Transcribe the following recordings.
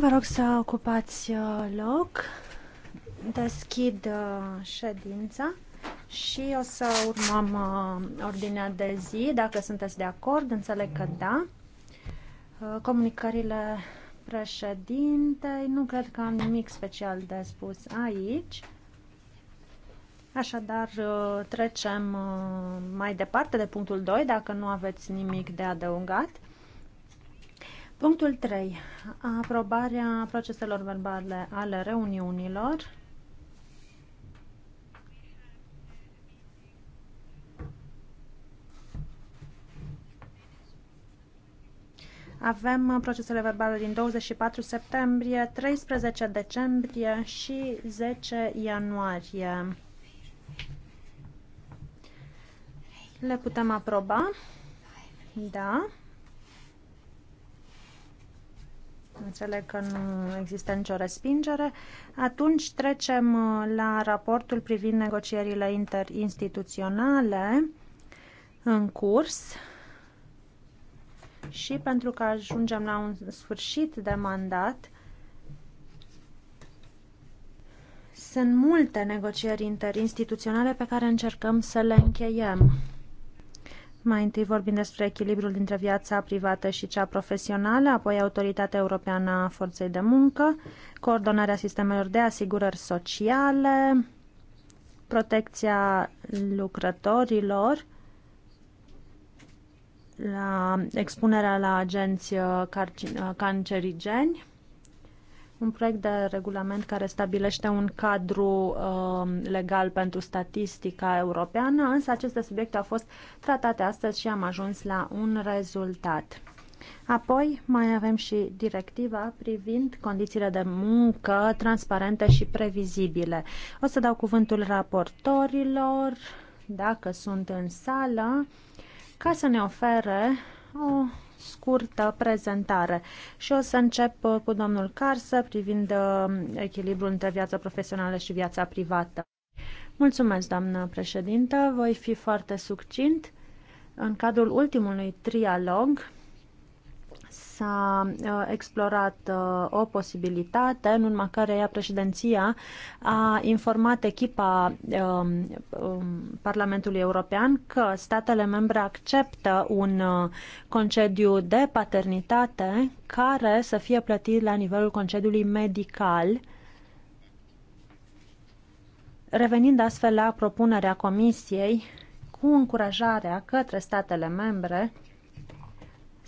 Vă rog să ocupați uh, loc. Deschid uh, ședința și o să urmăm uh, ordinea de zi, dacă sunteți de acord, înțeleg că da. Comunicările președintei, nu cred că am nimic special de spus aici. Așadar, trecem mai departe de punctul 2, dacă nu aveți nimic de adăugat. Punctul 3. Aprobarea proceselor verbale ale reuniunilor. Avem procesele verbale din 24 septembrie, 13 decembrie și 10 ianuarie. Le putem aproba? Da. Înțeleg că nu există nicio respingere. Atunci trecem uh, la raportul privind negocierile interinstituționale în curs. Și pentru că ajungem la un sfârșit de mandat, sunt multe negocieri interinstituționale pe care încercăm să le încheiem. Mai întâi vorbim despre echilibrul dintre viața privată și cea profesională, apoi Autoritatea Europeană a Forței de Muncă, coordonarea sistemelor de asigurări sociale, protecția lucrătorilor, la expunerea la agenți uh, uh, cancerigeni un proiect de regulament care stabilește un cadru uh, legal pentru statistica europeană, însă aceste subiecte au fost tratate astăzi și am ajuns la un rezultat. Apoi mai avem și directiva privind condițiile de muncă transparente și previzibile. O să dau cuvântul raportorilor, dacă sunt în sală, ca să ne ofere o scurtă prezentare și o să încep uh, cu domnul Carsă privind uh, echilibrul între viața profesională și viața privată. Mulțumesc, doamnă președintă. Voi fi foarte succint. În cadrul ultimului trialog, s-a uh, explorat uh, o posibilitate în urma ea președinția a informat echipa um, um, Parlamentului European că statele membre acceptă un uh, concediu de paternitate care să fie plătit la nivelul concediului medical revenind astfel la propunerea Comisiei cu încurajarea către statele membre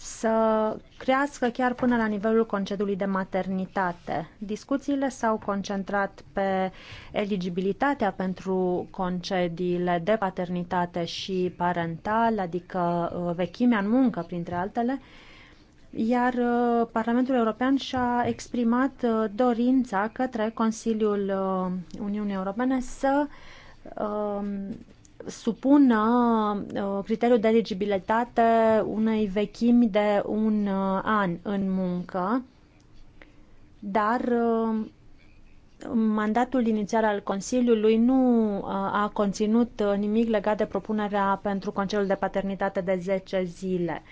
să crească chiar până la nivelul concediului de maternitate. Discuțiile s-au concentrat pe eligibilitatea pentru concediile de paternitate și parental, adică uh, vechimea în muncă, printre altele, iar uh, Parlamentul European și-a exprimat uh, dorința către Consiliul Uniunii Europene să um, uh, criteriul de eligibilitate unei vechimi de un uh, an în muncă, dar uh, mandatul inițial al Consiliului nu uh, a conținut nimic legat de propunerea pentru concediul de paternitate de 10 zile.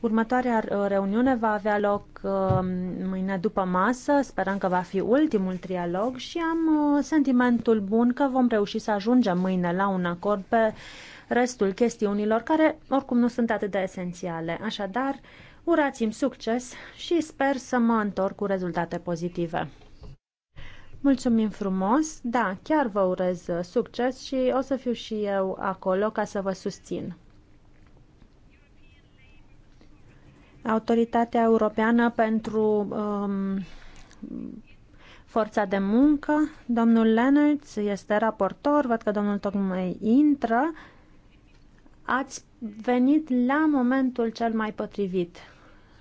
Următoarea uh, reuniune va avea loc um, mâine după masă, sperăm că va fi ultimul trialog și am uh, sentimentul bun că vom reuși să ajungem mâine la un acord pe restul chestiunilor care oricum nu sunt atât de esențiale. Așadar, urați-mi succes și sper să mă întorc cu rezultate pozitive. Mulțumim frumos, da, chiar vă urez succes și o să fiu și eu acolo ca să vă susțin. Autoritatea Europeană pentru um, Forța de Muncă. Domnul Leonards este raportor, văd că domnul tocmai intră. Ați venit la momentul cel mai potrivit.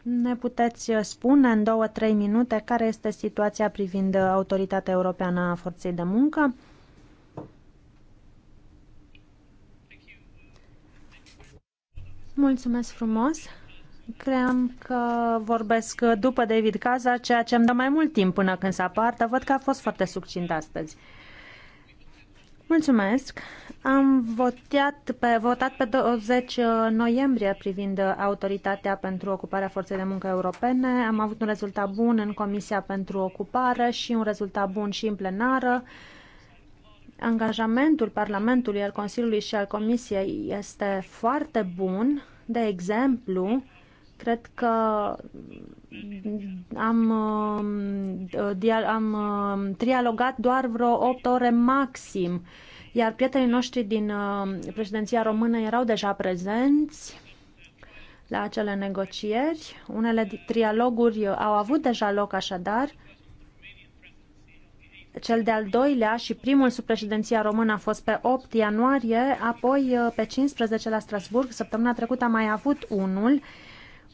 Ne puteți spune în două-trei minute care este situația privind Autoritatea Europeană a Forței de Muncă? Mulțumesc frumos! Cream că vorbesc după David Caza, ceea ce îmi dă mai mult timp până când se apartă. Văd că a fost foarte succint astăzi. Mulțumesc. Am votat pe, votat pe 20 noiembrie privind autoritatea pentru ocuparea forței de muncă europene. Am avut un rezultat bun în Comisia pentru Ocupare și un rezultat bun și în plenară. Angajamentul Parlamentului, al Consiliului și al Comisiei este foarte bun. De exemplu, Cred că am, uh, am uh, trialogat doar vreo 8 ore maxim, iar prietenii noștri din uh, președinția română erau deja prezenți la acele negocieri. Unele trialoguri au avut deja loc așadar. Cel de-al doilea și primul sub președinția română a fost pe 8 ianuarie, apoi pe 15 la Strasburg. Săptămâna trecută am mai avut unul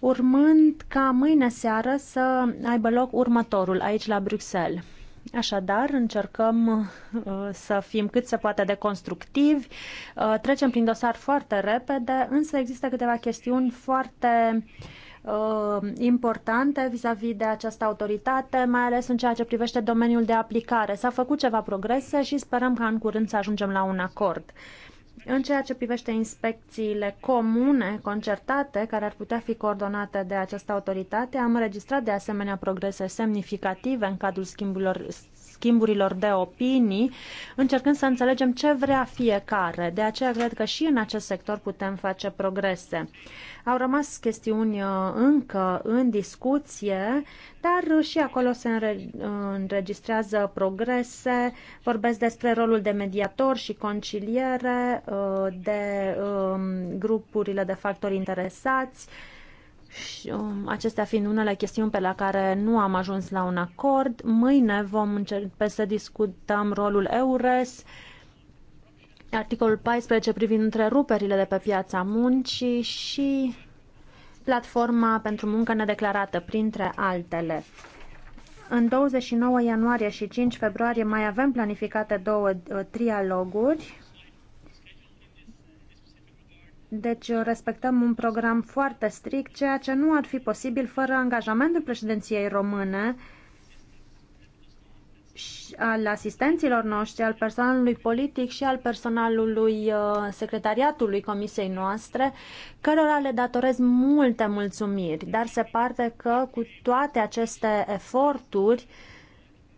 urmând ca mâine seară să aibă loc următorul aici la Bruxelles. Așadar, încercăm uh, să fim cât se poate de constructivi, uh, trecem prin dosar foarte repede, însă există câteva chestiuni foarte uh, importante vis-a-vis -vis de această autoritate, mai ales în ceea ce privește domeniul de aplicare. S-a făcut ceva progrese și sperăm ca în curând să ajungem la un acord. În ceea ce privește inspecțiile comune, concertate, care ar putea fi coordonate de această autoritate, am înregistrat de asemenea progrese semnificative în cadrul schimburilor schimburilor de opinii, încercând să înțelegem ce vrea fiecare. De aceea cred că și în acest sector putem face progrese. Au rămas chestiuni uh, încă în discuție, dar și acolo se uh, înregistrează progrese. Vorbesc despre rolul de mediator și conciliere, uh, de um, grupurile de factori interesați, și um, acestea fiind unele chestiuni pe la care nu am ajuns la un acord, mâine vom începe să discutăm rolul EURES, articolul 14 privind întreruperile de pe piața muncii și platforma pentru muncă nedeclarată, printre altele. În 29 ianuarie și 5 februarie mai avem planificate două uh, trialoguri deci uh, respectăm un program foarte strict, ceea ce nu ar fi posibil fără angajamentul președinției române al asistenților noștri, al personalului politic și al personalului uh, secretariatului comisiei noastre, cărora le datorez multe mulțumiri, dar se parte că cu toate aceste eforturi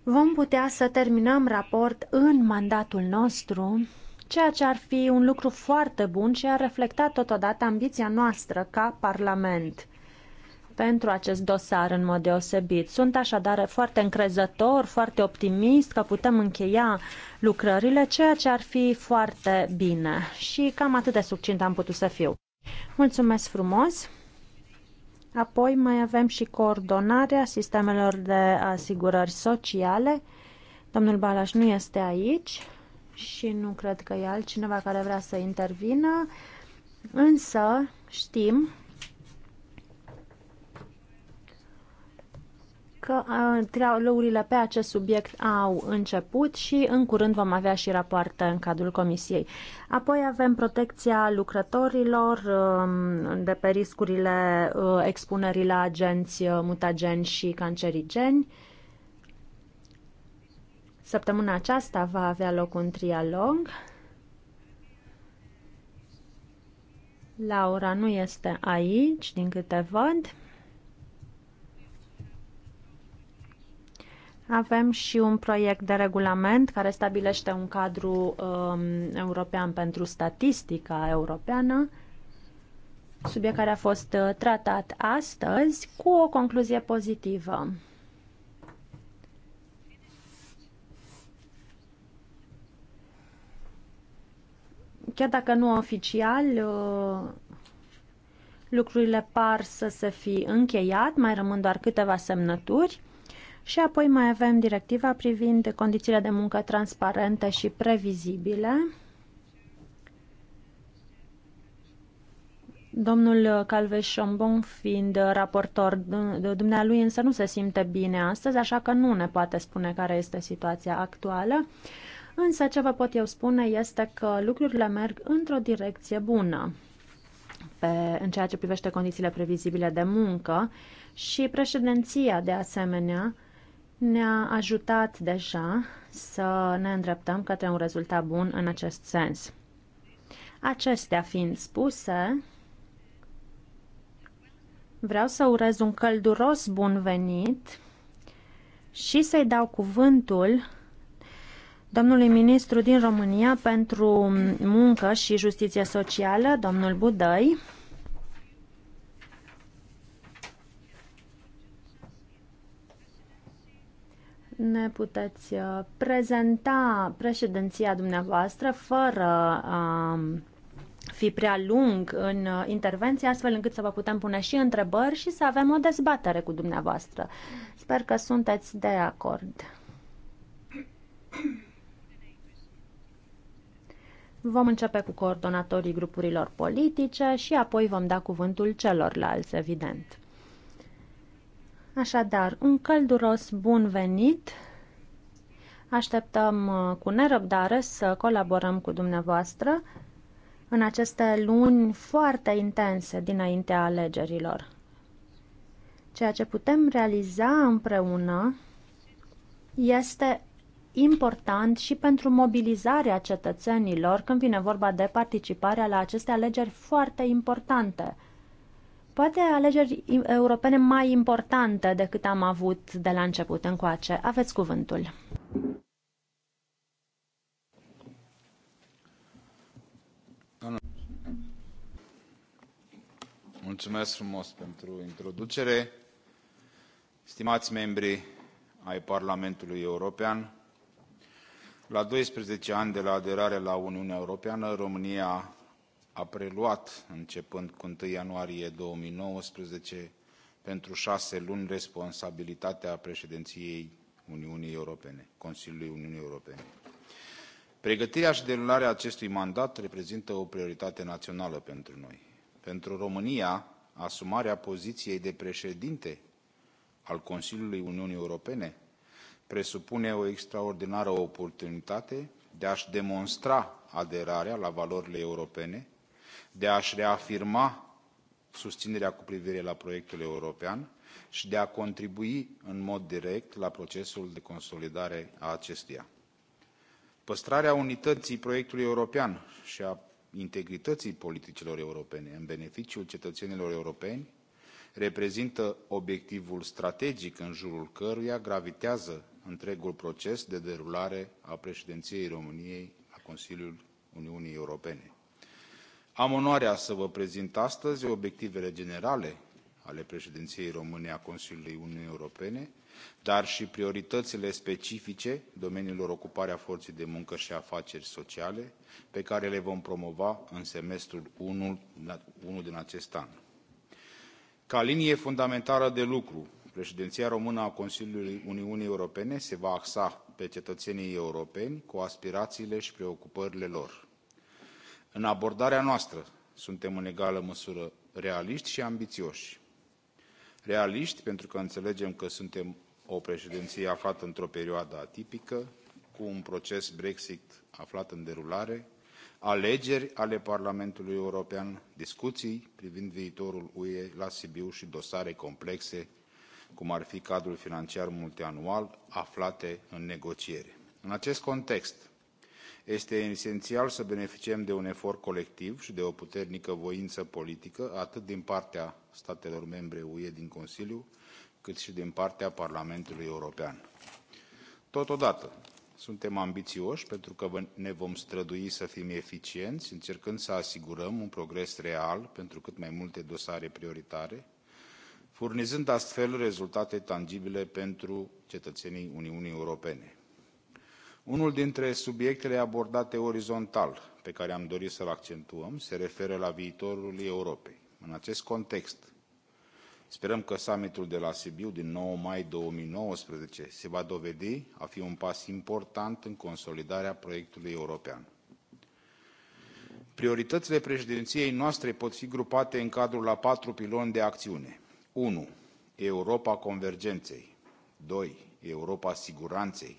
vom putea să terminăm raport în mandatul nostru ceea ce ar fi un lucru foarte bun și ar reflecta totodată ambiția noastră ca Parlament pentru acest dosar în mod deosebit. Sunt așadar foarte încrezător, foarte optimist că putem încheia lucrările, ceea ce ar fi foarte bine. Și cam atât de succint am putut să fiu. Mulțumesc frumos! Apoi mai avem și coordonarea sistemelor de asigurări sociale. Domnul Balaș nu este aici și nu cred că e altcineva care vrea să intervină, însă știm că trialogurile pe acest subiect au început și în curând vom avea și rapoarte în cadrul comisiei. Apoi avem protecția lucrătorilor um, de pe riscurile uh, expunerii la agenți uh, mutageni și cancerigeni. Săptămâna aceasta va avea loc un trialog. Laura nu este aici, din câte văd. Avem și un proiect de regulament care stabilește un cadru um, european pentru statistica europeană, subiect care a fost uh, tratat astăzi cu o concluzie pozitivă. Chiar dacă nu oficial, uh, lucrurile par să se fi încheiat, mai rămân doar câteva semnături. Și apoi mai avem directiva privind condițiile de muncă transparente și previzibile. Domnul Calveșombon fiind raportor, dumnealui însă nu se simte bine astăzi, așa că nu ne poate spune care este situația actuală. Însă ce vă pot eu spune este că lucrurile merg într-o direcție bună pe, în ceea ce privește condițiile previzibile de muncă și președinția, de asemenea, ne-a ajutat deja să ne îndreptăm către un rezultat bun în acest sens. Acestea fiind spuse, vreau să urez un călduros bun venit și să-i dau cuvântul domnului ministru din România pentru muncă și justiție socială, domnul Budăi. Ne puteți uh, prezenta președinția dumneavoastră fără a um, fi prea lung în uh, intervenție, astfel încât să vă putem pune și întrebări și să avem o dezbatere cu dumneavoastră. Sper că sunteți de acord. Thank you. Vom începe cu coordonatorii grupurilor politice și apoi vom da cuvântul celorlalți, evident. Așadar, un călduros bun venit! Așteptăm uh, cu nerăbdare să colaborăm cu dumneavoastră în aceste luni foarte intense dinaintea alegerilor. Ceea ce putem realiza împreună este important și pentru mobilizarea cetățenilor când vine vorba de participarea la aceste alegeri foarte importante. Poate alegeri europene mai importante decât am avut de la început încoace. Aveți cuvântul. Mulțumesc frumos pentru introducere. Stimați membri ai Parlamentului European, la doisprezece ani de la aderare la uniunea europeană românia a preluat începând cu unu ianuarie două mii nouăsprezece pentru șase luni responsabilitatea președinției uniunii europene consiliului uniunii europene. pregătirea și derularea acestui mandat reprezintă o prioritate națională pentru noi. pentru românia asumarea poziției de președinte al consiliului uniunii europene presupune o extraordinară oportunitate de a și demonstra aderarea la valorile europene, de a-și reafirma susținerea cu privire la proiectul european și de a contribui în mod direct la procesul de consolidare a acestuia. Păstrarea unității proiectului european și a integrității politicilor europene în beneficiul cetățenilor europeni reprezintă obiectivul strategic în jurul căruia gravitează întregul proces de derulare a președinției României la Consiliul Uniunii Europene. Am onoarea să vă prezint astăzi obiectivele generale ale președinției române a Consiliului Uniunii Europene, dar și prioritățile specifice domeniilor ocuparea forței de muncă și afaceri sociale, pe care le vom promova în semestrul 1, 1 din acest an. Ca linie fundamentală de lucru, Președinția română a Consiliului Uniunii Europene se va axa pe cetățenii europeni cu aspirațiile și preocupările lor. În abordarea noastră suntem în egală măsură realiști și ambițioși. Realiști pentru că înțelegem că suntem o președinție aflată într-o perioadă atipică, cu un proces Brexit aflat în derulare, alegeri ale Parlamentului European, discuții privind viitorul UE la Sibiu și dosare complexe cum ar fi cadrul financiar multianual, aflate în negociere. În acest context, este esențial să beneficiem de un efort colectiv și de o puternică voință politică, atât din partea statelor membre UE din Consiliu, cât și din partea Parlamentului European. Totodată, suntem ambițioși pentru că ne vom strădui să fim eficienți, încercând să asigurăm un progres real pentru cât mai multe dosare prioritare, furnizând astfel rezultate tangibile pentru cetățenii uniunii europene. unul dintre subiectele abordate orizontal pe care am dorit să l accentuăm se referă la viitorul europei. în acest context sperăm că summitul de la sibiu din 9 mai 2019 se va dovedi a fi un pas important în consolidarea proiectului european. prioritățile președinției noastre pot fi grupate în cadrul a patru piloni de acțiune 1. Europa convergenței. 2. Europa siguranței.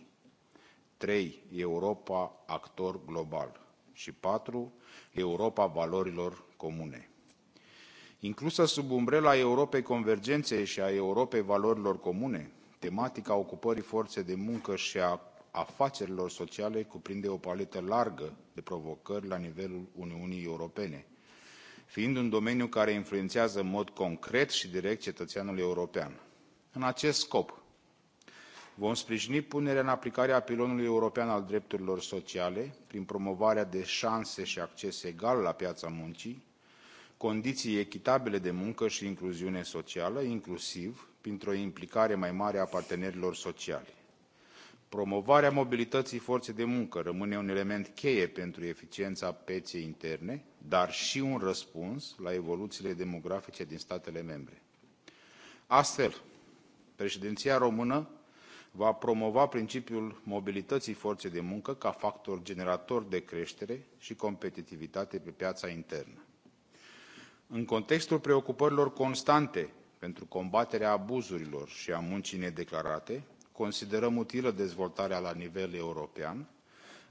3. Europa actor global. Și 4. Europa valorilor comune. Inclusă sub umbrela Europei convergenței și a Europei valorilor comune, tematica ocupării forței de muncă și a afacerilor sociale cuprinde o paletă largă de provocări la nivelul Uniunii Europene – fiind un domeniu care influențează în mod concret și direct cetățeanul european. În acest scop, vom sprijini punerea în aplicare a pilonului european al drepturilor sociale prin promovarea de șanse și acces egal la piața muncii, condiții echitabile de muncă și incluziune socială, inclusiv printr-o implicare mai mare a partenerilor sociali promovarea mobilității forței de muncă rămâne un element cheie pentru eficiența pieței interne dar și un răspuns la evoluțiile demografice din statele membre. astfel președinția română va promova principiul mobilității forței de muncă ca factor generator de creștere și competitivitate pe piața internă. în contextul preocupărilor constante pentru combaterea abuzurilor și a muncii nedeclarate considerăm utilă dezvoltarea la nivel european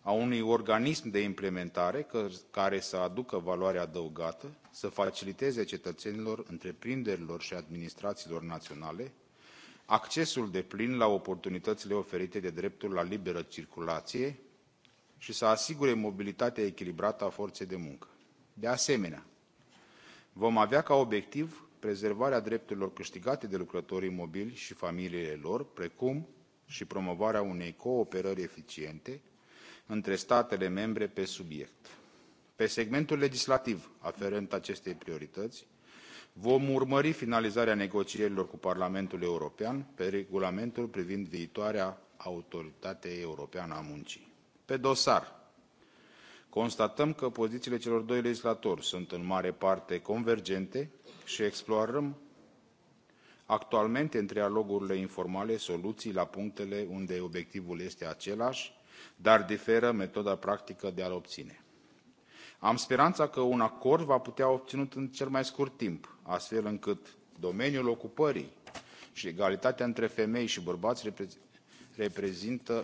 a unui organism de implementare care să aducă valoare adăugată să faciliteze cetățenilor întreprinderilor și administrațiilor naționale accesul deplin la oportunitățile oferite de dreptul la liberă circulație și să asigure mobilitatea echilibrată a forței de muncă. de asemenea vom avea ca obiectiv prezervarea drepturilor câștigate de lucrătorii mobili și familiile lor, precum și promovarea unei cooperări eficiente între statele membre pe subiect. Pe segmentul legislativ aferent acestei priorități, vom urmări finalizarea negocierilor cu Parlamentul European pe regulamentul privind viitoarea Autoritate Europeană a Muncii. Pe dosar, constatăm că pozițiile celor doi legislatori sunt în mare parte convergente și explorăm actualmente în trialogurile informale soluții la punctele unde obiectivul este același, dar diferă metoda practică de a-l obține. Am speranța că un acord va putea obținut în cel mai scurt timp, astfel încât domeniul ocupării și egalitatea între femei și bărbați reprezintă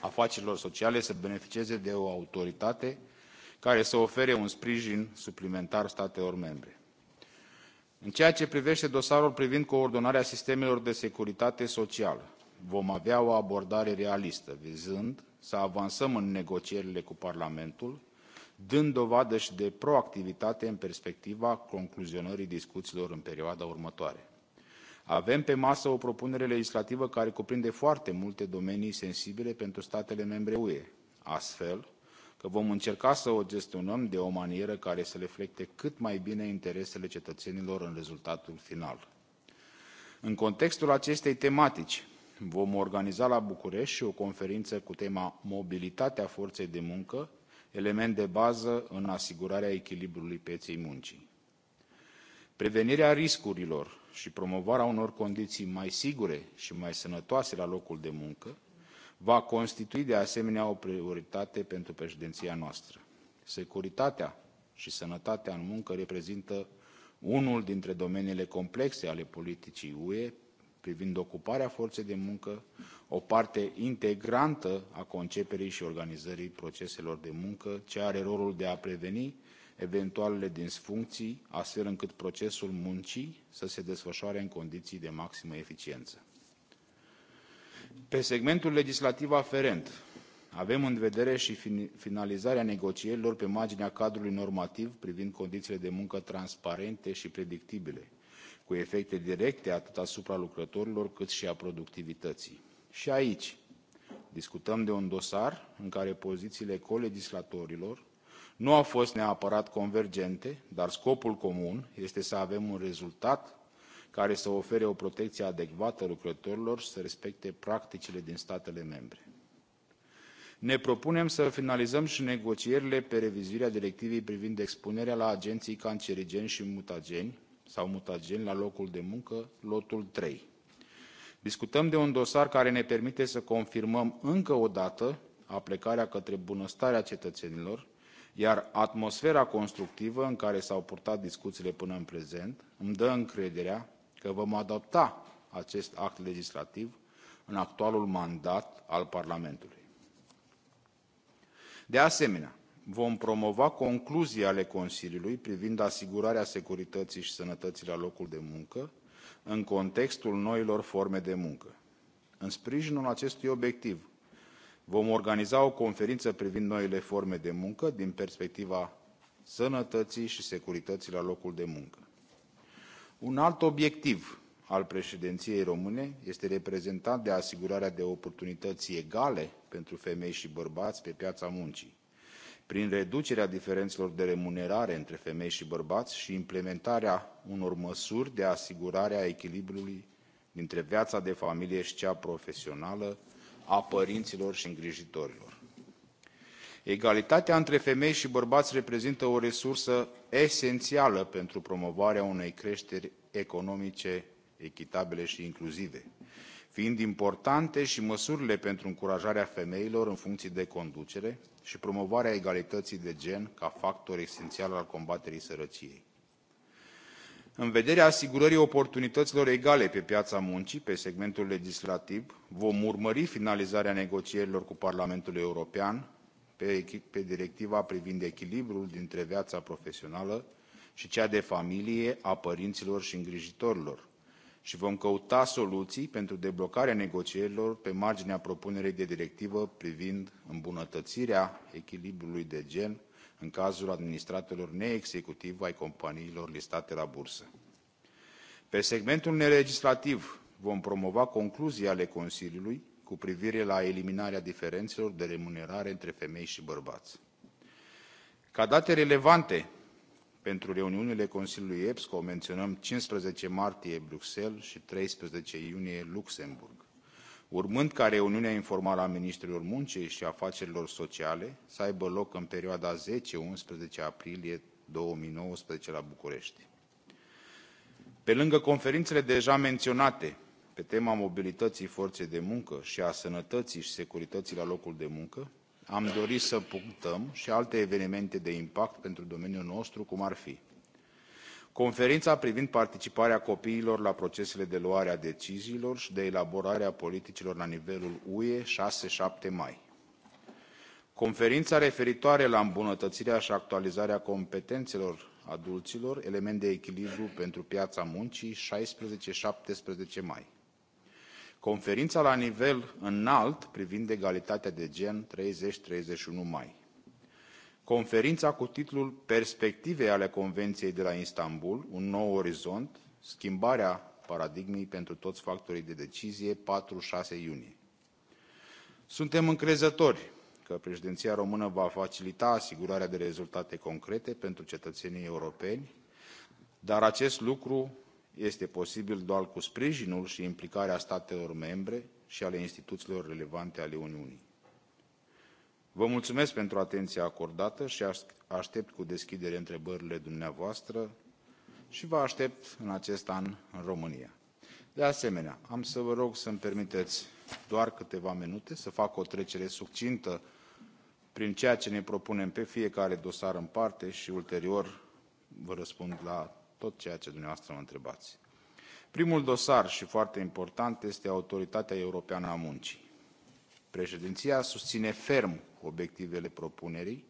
afacerilor sociale să beneficieze de o autoritate care să ofere un sprijin suplimentar statelor membre. În ceea ce privește dosarul privind coordonarea sistemelor de securitate socială, vom avea o abordare realistă, vizând să avansăm în negocierile cu Parlamentul, dând dovadă și de proactivitate în perspectiva concluzionării discuțiilor în perioada următoare. Avem pe masă o propunere legislativă care cuprinde foarte multe domenii sensibile pentru statele membre UE. Astfel, că vom încerca să o gestionăm de o manieră care să reflecte cât mai bine interesele cetățenilor în rezultatul final. În contextul acestei tematici, vom organiza la București și o conferință cu tema Mobilitatea forței de muncă, element de bază în asigurarea echilibrului pieței muncii. Prevenirea riscurilor și promovarea unor condiții mai sigure și mai sănătoase la locul de muncă va constitui de asemenea o prioritate pentru președinția noastră. Securitatea și sănătatea în muncă reprezintă unul dintre domeniile complexe ale politicii UE privind ocuparea forței de muncă, o parte integrantă a conceperii și organizării proceselor de muncă, ce are rolul de a preveni eventualele disfuncții, astfel încât procesul muncii să se desfășoare în condiții de maximă eficiență pe segmentul legislativ aferent avem în vedere și finalizarea negocierilor pe marginea cadrului normativ privind condițiile de muncă transparente și predictibile cu efecte directe atât asupra lucrătorilor cât și a productivității. și aici discutăm de un dosar în care pozițiile colegislatorilor nu au fost neapărat convergente dar scopul comun este să avem un rezultat care să ofere o protecție adecvată lucrătorilor și să respecte practicile din statele membre. Ne propunem să finalizăm și negocierile pe revizuirea directivei privind expunerea la agenții cancerigeni și mutageni sau mutageni la locul de muncă, lotul 3. Discutăm de un dosar care ne permite să confirmăm încă o dată aplecarea către bunăstarea cetățenilor, iar atmosfera constructivă în care s-au purtat discuțiile până în prezent îmi dă încrederea că vom adopta acest act legislativ în actualul mandat al Parlamentului. De asemenea, vom promova concluzii ale Consiliului privind asigurarea securității și sănătății la locul de muncă în contextul noilor forme de muncă. În sprijinul acestui obiectiv, vom organiza o conferință privind noile forme de muncă din perspectiva sănătății și securității la locul de muncă un alt obiectiv al președinției române este reprezentat de asigurarea de oportunități egale pentru femei și bărbați pe piața muncii prin reducerea diferențelor de remunerare între femei și bărbați și implementarea unor măsuri de asigurare a echilibrului dintre viața de familie și cea profesională a părinților și îngrijitorilor egalitatea între femei și bărbați reprezintă o resursă esențială pentru promovarea unei creșteri economice echitabile și incluzive fiind importante și măsurile pentru încurajarea femeilor în funcții de conducere și promovarea egalității de gen ca factor esențial al combaterii sărăciei. În vederea asigurării oportunităților egale pe piața muncii, pe segmentul legislativ, vom urmări finalizarea negocierilor cu Parlamentul European pe, pe directiva privind echilibrul dintre viața profesională și cea de familie a părinților și îngrijitorilor și vom căuta soluții pentru deblocarea negocierilor pe marginea propunerii de directivă privind îmbunătățirea echilibrului de gen în cazul administratorilor neexecutiv ai companiilor listate la bursă. Pe segmentul nelegislativ vom promova concluzii ale Consiliului cu privire la eliminarea diferențelor de remunerare între femei și bărbați. Ca date relevante pentru reuniunile Consiliului EPSCO menționăm 15 martie Bruxelles și 13 iunie Luxemburg, urmând ca reuniunea informală a Ministrilor Muncii și Afacerilor Sociale să aibă loc în perioada 10-11 aprilie 2019 la București. Pe lângă conferințele deja menționate, pe tema mobilității forței de muncă și a sănătății și securității la locul de muncă, am dori să punctăm și alte evenimente de impact pentru domeniul nostru, cum ar fi conferința privind participarea copiilor la procesele de luare a deciziilor și de elaborare a politicilor la nivelul ue șase șapte mai conferința referitoare la îmbunătățirea și actualizarea competențelor adulților element de echilibru pentru piața muncii șaisprezece șaptesprezece mai conferința la nivel înalt privind egalitatea de gen 30-31 mai. Conferința cu titlul Perspective ale Convenției de la Istanbul, un nou orizont, schimbarea paradigmei pentru toți factorii de decizie, 4-6 iunie. Suntem încrezători că președinția română va facilita asigurarea de rezultate concrete pentru cetățenii europeni, dar acest lucru este posibil doar cu sprijinul și implicarea statelor membre și ale instituțiilor relevante ale Uniunii. Vă mulțumesc pentru atenția acordată și aștept cu deschidere întrebările dumneavoastră și vă aștept în acest an în România. De asemenea, am să vă rog să-mi permiteți doar câteva minute să fac o trecere succintă prin ceea ce ne propunem pe fiecare dosar în parte și ulterior vă răspund la tot ceea ce dumneavoastră mă întrebați. Primul dosar și foarte important este Autoritatea Europeană a Muncii. Președinția susține ferm obiectivele propunerii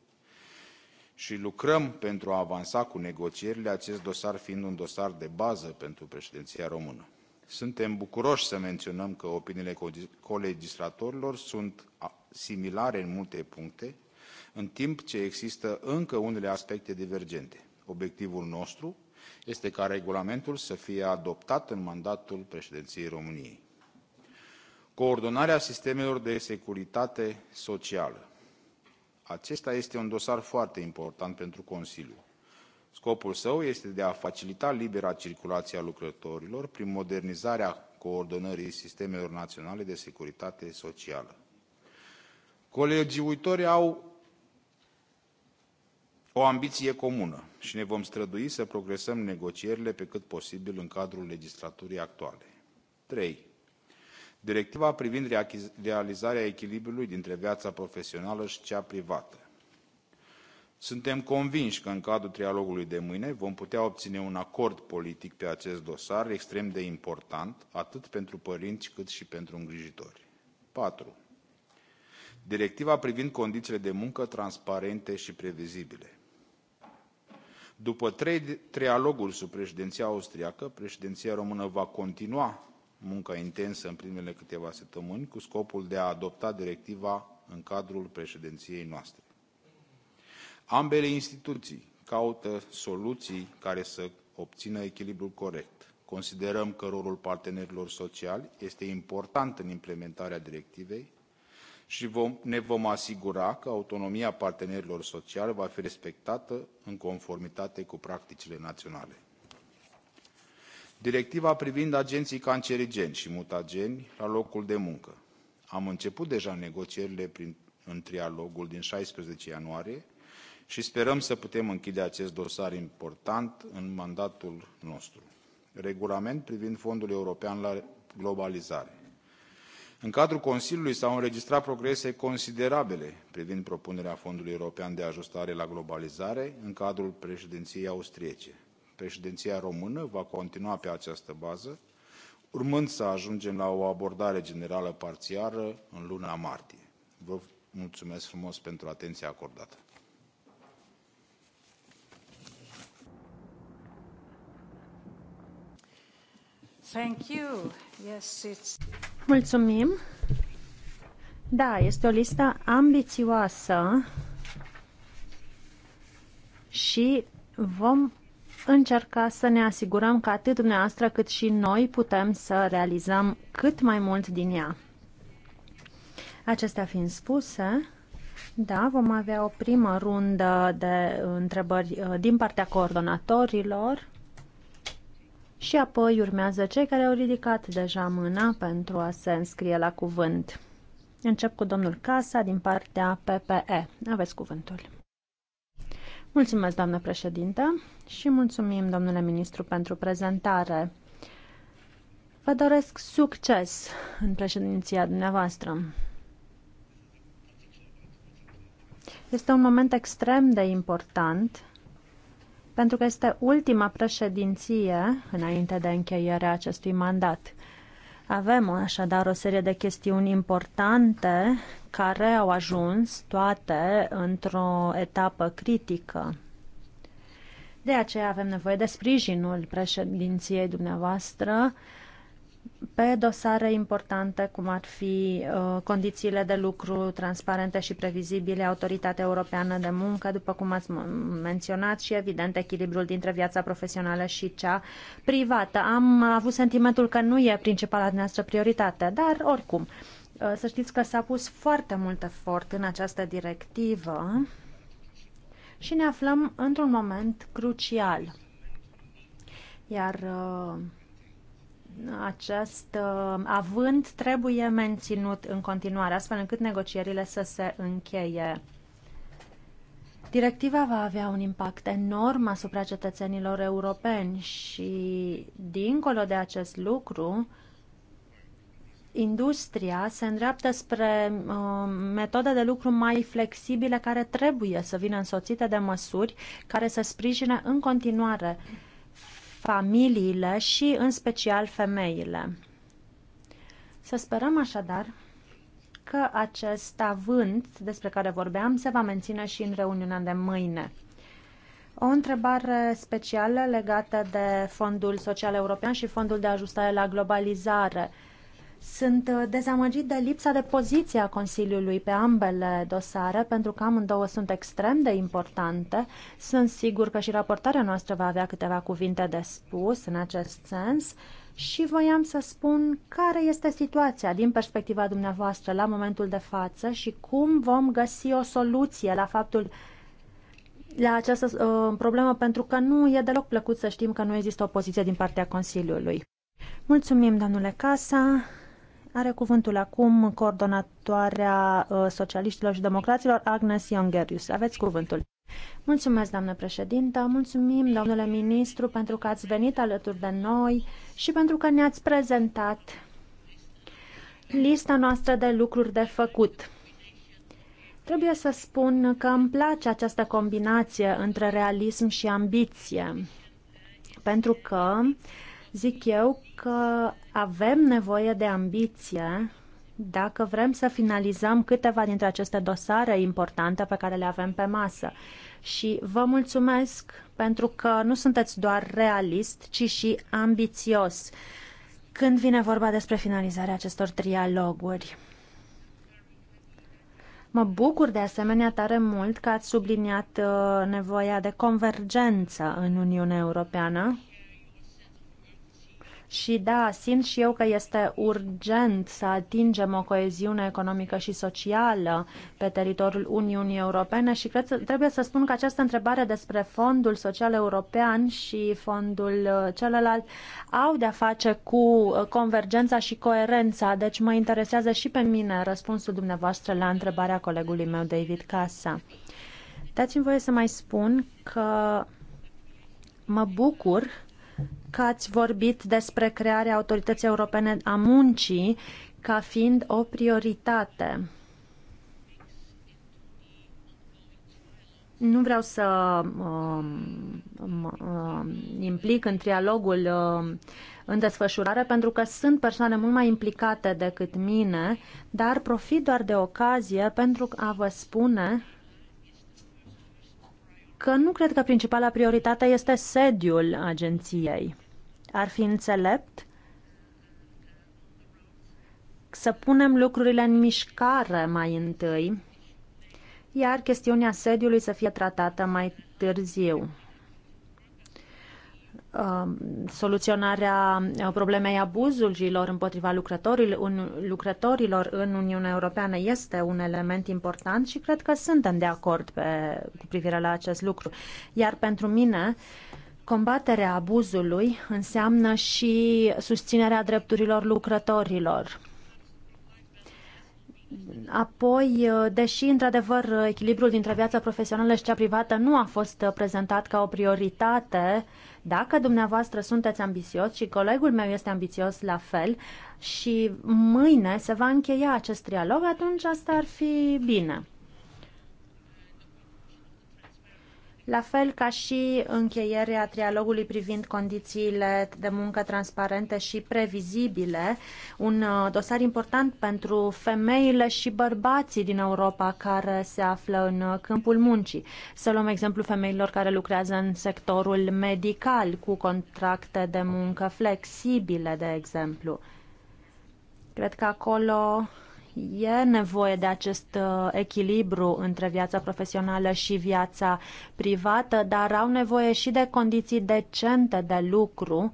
și lucrăm pentru a avansa cu negocierile, acest dosar fiind un dosar de bază pentru președinția română. Suntem bucuroși să menționăm că opiniile colegislatorilor sunt similare în multe puncte, în timp ce există încă unele aspecte divergente. Obiectivul nostru este ca regulamentul să fie adoptat în mandatul președinției României. Coordonarea sistemelor de securitate socială. Acesta este un dosar foarte important pentru Consiliu. Scopul său este de a facilita libera circulație a lucrătorilor prin modernizarea coordonării sistemelor naționale de securitate socială. Colegii uitori au o ambiție comună și ne vom strădui să progresăm negocierile pe cât posibil în cadrul legislaturii actuale. trei directiva privind realizarea echilibrului dintre viața profesională și cea privată. Suntem convinși că în cadrul trialogului de mâine vom putea obține un acord politic pe acest dosar extrem de important, atât pentru părinți cât și pentru îngrijitori. patru directiva privind condițiile de muncă transparente și previzibile. După trei trialoguri sub președinția austriacă, președinția română va continua munca intensă în primele câteva săptămâni cu scopul de a adopta directiva în cadrul președinției noastre. Ambele instituții caută soluții care să obțină echilibrul corect. Considerăm că rolul partenerilor sociali este important în implementarea directivei și vom, ne vom asigura că autonomia partenerilor sociali va fi respectată în conformitate cu practicile naționale. Directiva privind agenții cancerigeni și mutageni la locul de muncă. Am început deja negocierile prin, în trialogul din 16 ianuarie și sperăm să putem închide acest dosar important în mandatul nostru. Regulament privind Fondul European la Globalizare în cadrul consiliului s au înregistrat progrese considerabile privind propunerea fondului european de ajustare la globalizare în cadrul președinției austriece. președinția română va continua pe această bază urmând să ajungem la o abordare generală parțială în luna martie. vă mulțumesc frumos pentru atenția acordată. Thank you. Yes, it's... Mulțumim. Da, este o listă ambițioasă și vom încerca să ne asigurăm că atât dumneavoastră cât și noi putem să realizăm cât mai mult din ea. Acestea fiind spuse, da, vom avea o primă rundă de întrebări uh, din partea coordonatorilor și apoi urmează cei care au ridicat deja mâna pentru a se înscrie la cuvânt. Încep cu domnul Casa din partea PPE. Aveți cuvântul. Mulțumesc, doamnă președintă, și mulțumim, domnule ministru, pentru prezentare. Vă doresc succes în președinția dumneavoastră. Este un moment extrem de important pentru că este ultima președinție înainte de încheierea acestui mandat. Avem așadar o serie de chestiuni importante care au ajuns toate într-o etapă critică. De aceea avem nevoie de sprijinul președinției dumneavoastră pe dosare importante, cum ar fi uh, condițiile de lucru transparente și previzibile, Autoritatea Europeană de Muncă, după cum ați menționat, și, evident, echilibrul dintre viața profesională și cea privată. Am avut sentimentul că nu e principala noastră prioritate, dar, oricum, uh, să știți că s-a pus foarte mult efort în această directivă și ne aflăm într-un moment crucial. Iar uh, acest avânt trebuie menținut în continuare, astfel încât negocierile să se încheie. Directiva va avea un impact enorm asupra cetățenilor europeni și, dincolo de acest lucru, industria se îndreaptă spre uh, metode de lucru mai flexibile care trebuie să vină însoțite de măsuri care să sprijine în continuare uh, familiile și, în special, femeile. Să sperăm așadar că acest avânt despre care vorbeam se va menține și în reuniunea de mâine. O întrebare specială legată de Fondul Social European și Fondul de Ajustare la Globalizare. Sunt uh, dezamăgit de lipsa de poziție a Consiliului pe ambele dosare, pentru că amândouă sunt extrem de importante. Sunt sigur că și raportarea noastră va avea câteva cuvinte de spus în acest sens și voiam să spun care este situația din perspectiva dumneavoastră la momentul de față și cum vom găsi o soluție la faptul la această uh, problemă, pentru că nu e deloc plăcut să știm că nu există o poziție din partea Consiliului. Mulțumim, domnule Casa. Are cuvântul acum coordonatoarea uh, socialiștilor și democraților, Agnes Iongerius. Aveți cuvântul. Mulțumesc, doamnă președintă, mulțumim, domnule ministru, pentru că ați venit alături de noi și pentru că ne-ați prezentat lista noastră de lucruri de făcut. Trebuie să spun că îmi place această combinație între realism și ambiție, pentru că uh, Zic eu că avem nevoie de ambiție dacă vrem să finalizăm câteva dintre aceste dosare importante pe care le avem pe masă. Și vă mulțumesc pentru că nu sunteți doar realist, ci și ambițios când vine vorba despre finalizarea acestor trialoguri. Mă bucur de asemenea tare mult că ați subliniat uh, nevoia de convergență în Uniunea Europeană și da, simt și eu că este urgent să atingem o coeziune economică și socială pe teritoriul Uniunii Europene și cred, trebuie să spun că această întrebare despre Fondul Social European și fondul uh, celălalt au de-a face cu uh, convergența și coerența, deci mă interesează și pe mine răspunsul dumneavoastră la întrebarea colegului meu David Casa. Dați-mi voie să mai spun că mă bucur că ați vorbit despre crearea Autorității Europene a Muncii ca fiind o prioritate. Nu vreau să um, um, um implic în trialogul uh, în desfășurare, pentru că sunt persoane mult mai implicate decât mine, dar profit doar de ocazie pentru a vă spune că nu cred că principala prioritate este sediul agenției. Ar fi înțelept să punem lucrurile în mișcare mai întâi, iar chestiunea sediului să fie tratată mai târziu. Um, soluționarea uh, problemei abuzurilor împotriva lucrătorilor în Uniunea Europeană este un element important și cred că suntem de acord pe, cu privire la acest lucru. Iar pentru mine, combaterea abuzului înseamnă și susținerea drepturilor lucrătorilor. Apoi, uh, deși, într-adevăr, echilibrul dintre viața profesională și cea privată nu a fost prezentat ca o prioritate, uh, dacă dumneavoastră sunteți ambițios și colegul meu este ambițios la fel și mâine se va încheia acest trialog, atunci asta ar fi bine. la fel ca și încheierea trialogului privind condițiile de muncă transparente și previzibile, un uh, dosar important pentru femeile și bărbații din Europa care se află în uh, câmpul muncii. Să luăm exemplu femeilor care lucrează în sectorul medical cu contracte de muncă flexibile, de exemplu. Cred că acolo E nevoie de acest uh, echilibru între viața profesională și viața privată, dar au nevoie și de condiții decente de lucru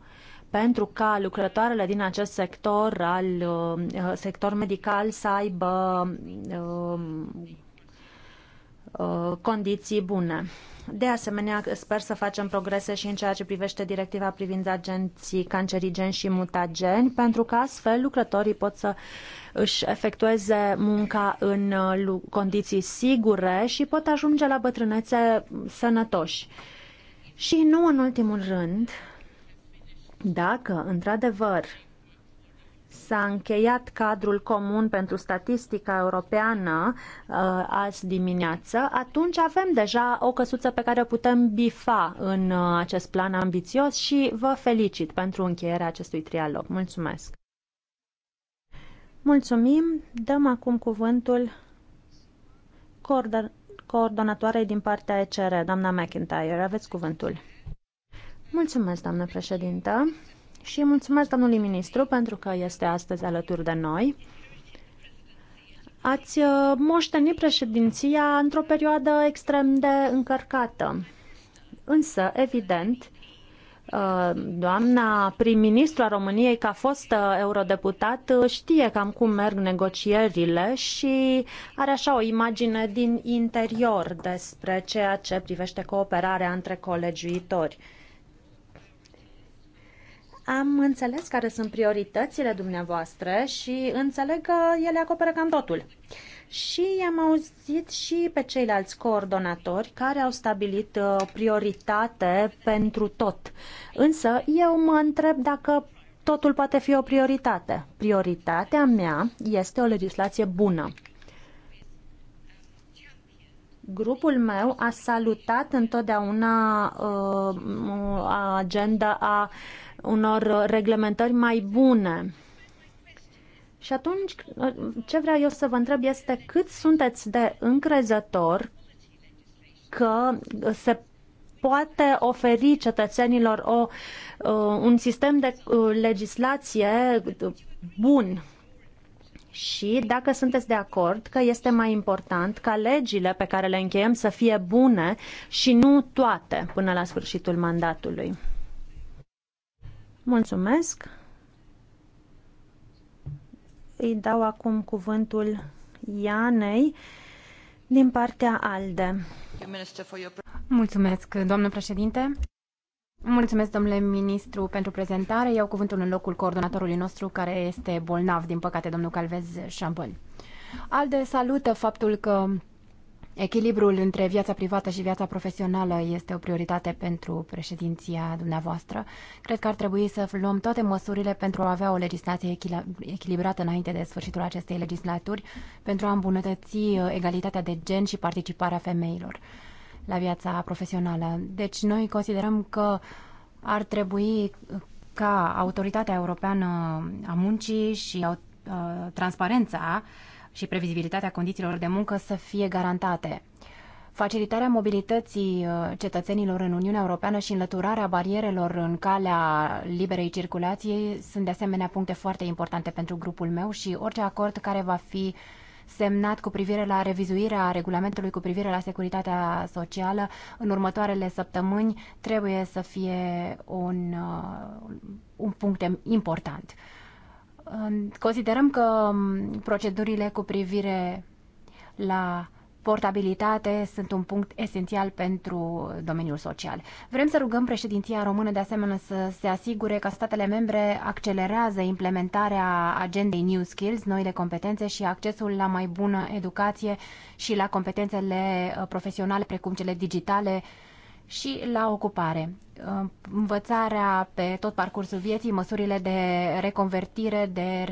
pentru ca lucrătoarele din acest sector, al uh, sector medical, să aibă um, Uh, condiții bune. De asemenea, sper să facem progrese și în ceea ce privește directiva privind agenții cancerigeni și mutageni, pentru că astfel lucrătorii pot să își efectueze munca în uh, condiții sigure și pot ajunge la bătrânețe sănătoși. Și nu în ultimul rând, dacă într-adevăr S-a încheiat cadrul comun pentru statistica europeană uh, azi dimineață, atunci avem deja o căsuță pe care o putem bifa în uh, acest plan ambițios și vă felicit pentru încheierea acestui trialog. Mulțumesc! Mulțumim! Dăm acum cuvântul coordonatoarei din partea ECR, doamna McIntyre. Aveți cuvântul. Mulțumesc, doamnă președintă! și mulțumesc domnului ministru pentru că este astăzi alături de noi. Ați uh, moștenit președinția într-o perioadă extrem de încărcată. Însă, evident, uh, doamna prim-ministru a României, ca fost uh, eurodeputat, știe cam cum merg negocierile și are așa o imagine din interior despre ceea ce privește cooperarea între colegiuitori. Am înțeles care sunt prioritățile dumneavoastră și înțeleg că ele acoperă cam totul. Și am auzit și pe ceilalți coordonatori care au stabilit uh, o prioritate pentru tot. Însă eu mă întreb dacă totul poate fi o prioritate. Prioritatea mea este o legislație bună. Grupul meu a salutat întotdeauna uh, agenda a uh, unor uh, reglementări mai bune. Și atunci, uh, ce vreau eu să vă întreb este cât sunteți de încrezător că se poate oferi cetățenilor o, uh, un sistem de legislație bun și dacă sunteți de acord că este mai important ca legile pe care le încheiem să fie bune și nu toate până la sfârșitul mandatului. Mulțumesc. Îi dau acum cuvântul Ianei din partea ALDE. Mulțumesc, doamnă președinte. Mulțumesc, domnule ministru, pentru prezentare. Iau cuvântul în locul coordonatorului nostru, care este bolnav, din păcate, domnul Calvez Șampăl. ALDE salută faptul că Echilibrul între viața privată și viața profesională este o prioritate pentru președinția dumneavoastră. Cred că ar trebui să luăm toate măsurile pentru a avea o legislație echilibrată înainte de sfârșitul acestei legislaturi, pentru a îmbunătăți uh, egalitatea de gen și participarea femeilor la viața profesională. Deci noi considerăm că ar trebui ca Autoritatea Europeană a Muncii și uh, transparența și previzibilitatea condițiilor de muncă să fie garantate. Facilitarea mobilității uh, cetățenilor în Uniunea Europeană și înlăturarea barierelor în calea liberei circulației sunt de asemenea puncte foarte importante pentru grupul meu și orice acord care va fi semnat cu privire la revizuirea regulamentului cu privire la securitatea socială în următoarele săptămâni trebuie să fie un, uh, un punct important. Considerăm că mm, procedurile cu privire la portabilitate sunt un punct esențial pentru domeniul social. Vrem să rugăm președinția română de asemenea să se asigure că statele membre accelerează implementarea agendei New Skills, noile competențe și accesul la mai bună educație și la competențele uh, profesionale precum cele digitale și la ocupare. Învățarea pe tot parcursul vieții, măsurile de reconvertire, de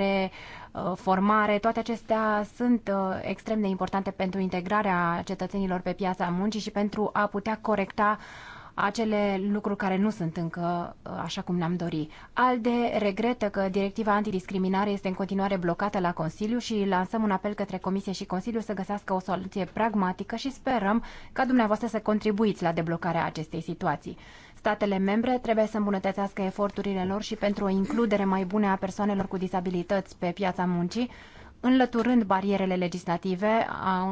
reformare, toate acestea sunt uh, extrem de importante pentru integrarea cetățenilor pe piața muncii și pentru a putea corecta uh, acele lucruri care nu sunt încă uh, așa cum ne-am dori. ALDE regretă că directiva antidiscriminare este în continuare blocată la Consiliu și lansăm un apel către Comisie și Consiliu să găsească o soluție pragmatică și sperăm ca dumneavoastră să contribuiți la deblocarea acestei situații. Statele membre trebuie să îmbunătățească eforturile lor și pentru o includere mai bună a persoanelor cu disabilități pe piața muncii, înlăturând barierele legislative,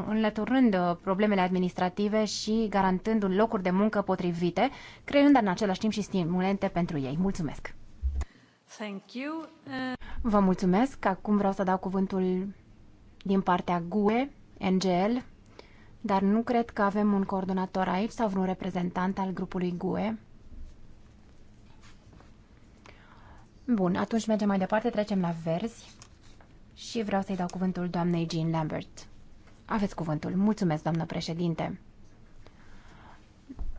înlăturând uh, problemele administrative și garantând locuri de muncă potrivite, creând în același timp și stimulente pentru ei. Mulțumesc! Thank you. Uh, Vă mulțumesc. Acum vreau să dau cuvântul din partea GUE, NGL, dar nu cred că avem un coordonator aici sau vreun reprezentant al grupului GUE. Bun, atunci mergem mai departe, trecem la verzi și vreau să-i dau cuvântul doamnei Jean Lambert. Aveți cuvântul. Mulțumesc, doamnă președinte.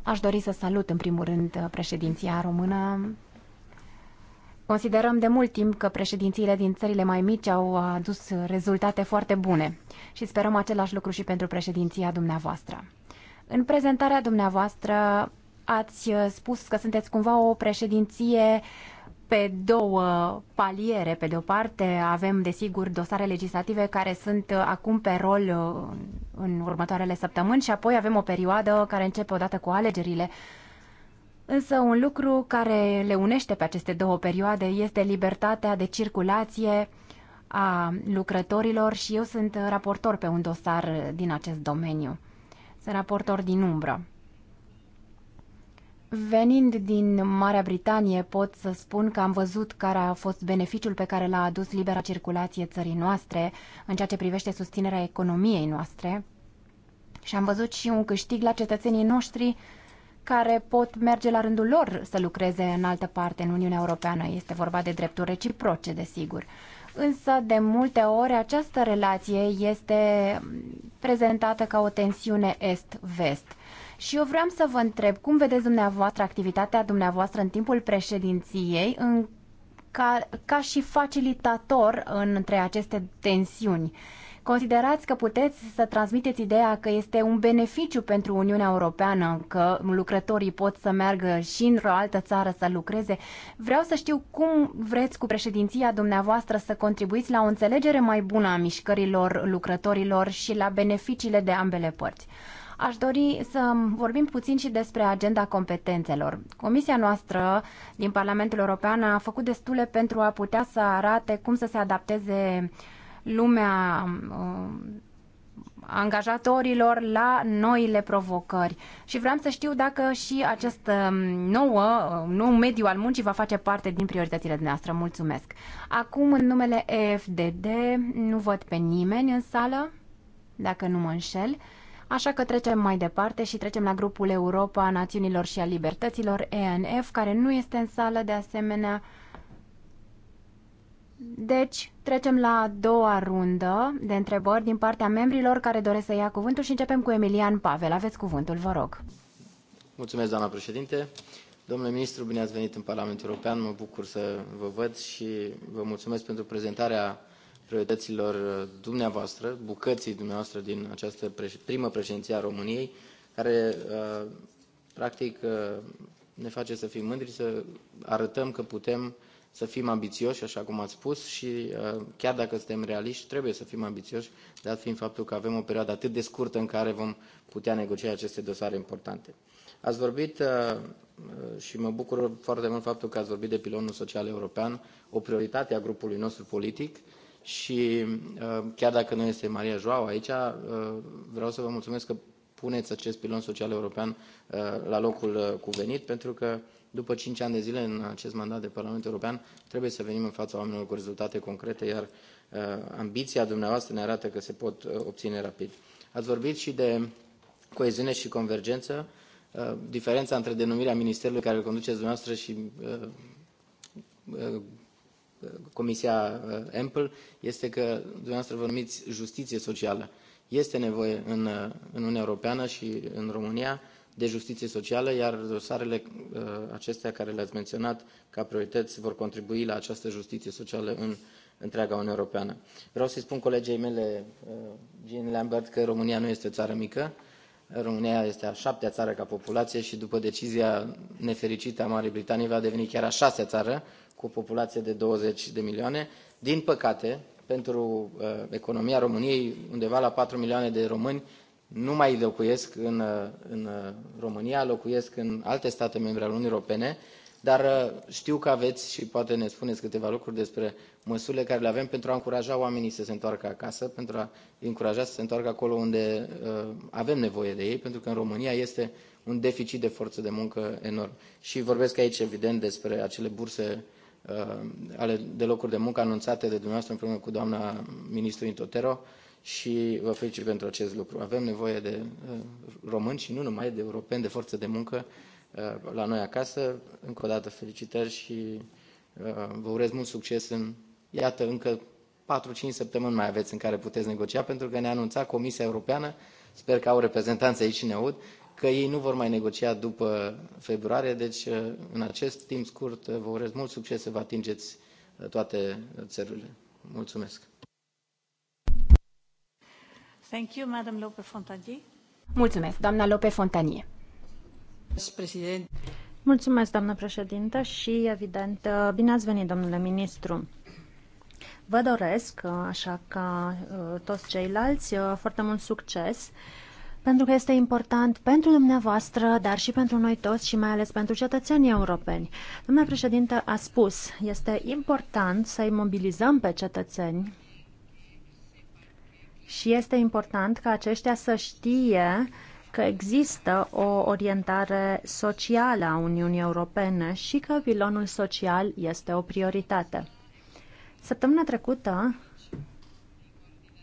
Aș dori să salut în primul rând președinția română. Considerăm de mult timp că președințiile din țările mai mici au adus rezultate foarte bune și sperăm același lucru și pentru președinția dumneavoastră. În prezentarea dumneavoastră ați spus că sunteți cumva o președinție uh, pe două paliere. Pe de o parte avem, desigur, dosare legislative care sunt uh, acum pe rol uh, în următoarele săptămâni și apoi avem o perioadă care începe odată cu alegerile. Însă un lucru care le unește pe aceste două perioade este libertatea de circulație a lucrătorilor și eu sunt raportor pe un dosar din acest domeniu. Sunt raportor din umbră. Venind din Marea Britanie, pot să spun că am văzut care a fost beneficiul pe care l-a adus libera circulație țării noastre în ceea ce privește susținerea economiei noastre și am văzut și un câștig la cetățenii noștri care pot merge la rândul lor să lucreze în altă parte în Uniunea Europeană. Este vorba de drepturi reciproce, desigur. Însă, de multe ori, această relație este prezentată ca o tensiune est-vest – și eu vreau să vă întreb, cum vedeți dumneavoastră activitatea dumneavoastră în timpul președinției în, ca, ca și facilitator între aceste tensiuni? Considerați că puteți să transmiteți ideea că este un beneficiu pentru Uniunea Europeană că lucrătorii pot să meargă și într-o altă țară să lucreze. Vreau să știu cum vreți cu președinția dumneavoastră să contribuiți la o înțelegere mai bună a mișcărilor lucrătorilor și la beneficiile de ambele părți. Aș dori să vorbim puțin și despre agenda competențelor. Comisia noastră din Parlamentul European a făcut destule pentru a putea să arate cum să se adapteze lumea uh, angajatorilor la noile provocări. Și vreau să știu dacă și acest um, nouă, uh, nou mediu al muncii va face parte din prioritățile noastre. Mulțumesc. Acum, în numele EFDD, nu văd pe nimeni în sală, dacă nu mă înșel. Așa că trecem mai departe și trecem la grupul Europa a Națiunilor și a Libertăților, ENF, care nu este în sală de asemenea. Deci, trecem la a doua rundă de întrebări din partea membrilor care doresc să ia cuvântul și începem cu Emilian Pavel. Aveți cuvântul, vă rog. Mulțumesc, doamna președinte. Domnule ministru, bine ați venit în Parlamentul European. Mă bucur să vă văd și vă mulțumesc pentru prezentarea priorităților uh, dumneavoastră, bucății dumneavoastră din această primă președinție a României, care uh, practic uh, ne face să fim mândri, să arătăm că putem să fim ambițioși, așa cum ați spus, și chiar dacă suntem realiști, trebuie să fim ambițioși, dat fiind faptul că avem o perioadă atât de scurtă în care vom putea negocia aceste dosare importante. Ați vorbit și mă bucur foarte mult faptul că ați vorbit de pilonul social european, o prioritate a grupului nostru politic și uh, chiar dacă nu este Maria Joao aici, uh, vreau să vă mulțumesc că puneți acest pilon social european uh, la locul cuvenit, pentru că după cinci ani de zile în acest mandat de Parlament European trebuie să venim în fața oamenilor cu rezultate concrete, iar ambiția dumneavoastră ne arată că se pot obține rapid. Ați vorbit și de coeziune și convergență. Diferența între denumirea ministerului care îl conduceți dumneavoastră și Comisia EMPL uh, este că dumneavoastră vă numiți justiție socială. Este nevoie în, uh, în Uniunea Europeană și în România de justiție socială, iar dosarele uh, acestea care le-ați menționat ca priorități vor contribui la această justiție socială în întreaga Uniune Europeană. Vreau să-i spun colegei mele, Jean Lambert, că România nu este o țară mică. România este a șaptea țară ca populație și după decizia nefericită a Marii Britanii va deveni chiar a șasea țară cu o populație de 20 de milioane. Din păcate, pentru uh, economia României, undeva la 4 milioane de români nu mai locuiesc în, uh, în uh, România, locuiesc în alte state membre ale Uniunii Europene, dar uh, știu că aveți și poate ne spuneți câteva lucruri despre măsurile care le avem pentru a încuraja oamenii să se întoarcă acasă, pentru a încuraja să se întoarcă acolo unde uh, avem nevoie de ei, pentru că în România este un deficit de forță de muncă enorm. Și vorbesc aici, evident, despre acele burse Uh, ale de locuri de muncă anunțate de dumneavoastră împreună cu doamna ministru Intotero și vă felicit pentru acest lucru. Avem nevoie de uh, români și nu numai de europeni, de forță de muncă uh, la noi acasă. Încă o dată felicitări și vă urez mult succes în, iată, încă 4-5 săptămâni mai aveți în care puteți negocia, pentru că ne-a anunțat Comisia Europeană, sper că au reprezentanți aici și ne aud, că ei nu vor mai negocia după februarie, deci uh, în acest timp scurt uh, vă urez mult succes să vă atingeți uh, toate țelurile. Mulțumesc! Thank you, Madam Lope Mulțumesc, doamna Lope Mulțumesc, doamnă președintă, și, evident, bine ați venit, domnule ministru. Vă doresc, așa ca toți ceilalți, foarte mult succes pentru că este important pentru dumneavoastră, dar și pentru noi toți și mai ales pentru cetățenii europeni. Doamna președintă a spus, este important să-i mobilizăm pe cetățeni și este important ca aceștia să știe că există o orientare socială a Uniunii Europene și că pilonul social este o prioritate. Săptămâna trecută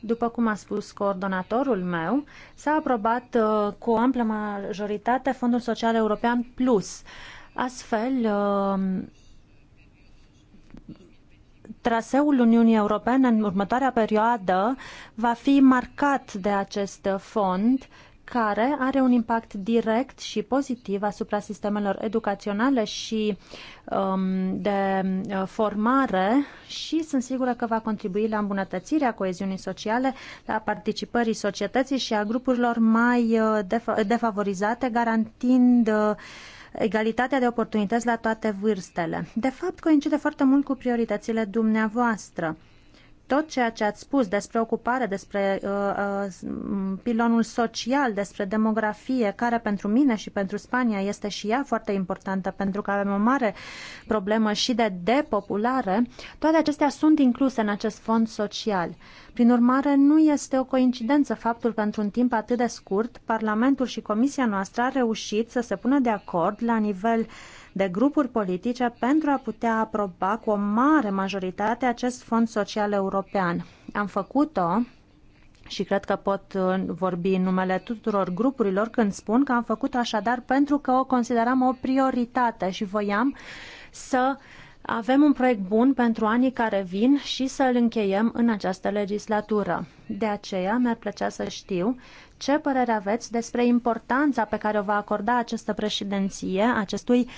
după cum a spus coordonatorul meu, s-a aprobat uh, cu o amplă majoritate Fondul Social European Plus. Astfel, uh, traseul Uniunii Europene în următoarea perioadă va fi marcat de acest fond care are un impact direct și pozitiv asupra sistemelor educaționale și um, de uh, formare și sunt sigură că va contribui la îmbunătățirea coeziunii sociale, la participării societății și a grupurilor mai uh, def- defavorizate, garantind uh, egalitatea de oportunități la toate vârstele. De fapt, coincide foarte mult cu prioritățile dumneavoastră tot ceea ce ați spus despre ocupare, despre uh, uh, pilonul social, despre demografie, care pentru mine și pentru Spania este și ea foarte importantă, pentru că avem o mare problemă și de depopulare, toate acestea sunt incluse în acest fond social. Prin urmare, nu este o coincidență faptul că într-un timp atât de scurt, Parlamentul și Comisia noastră a reușit să se pună de acord la nivel de grupuri politice pentru a putea aproba cu o mare majoritate acest fond social european. Am făcut-o și cred că pot uh, vorbi în numele tuturor grupurilor când spun că am făcut o așadar pentru că o consideram o prioritate și voiam să uh, avem un proiect bun pentru anii care vin și să îl încheiem în această legislatură. De aceea mi-ar plăcea să știu ce părere aveți despre importanța pe care o va acorda această președinție acestui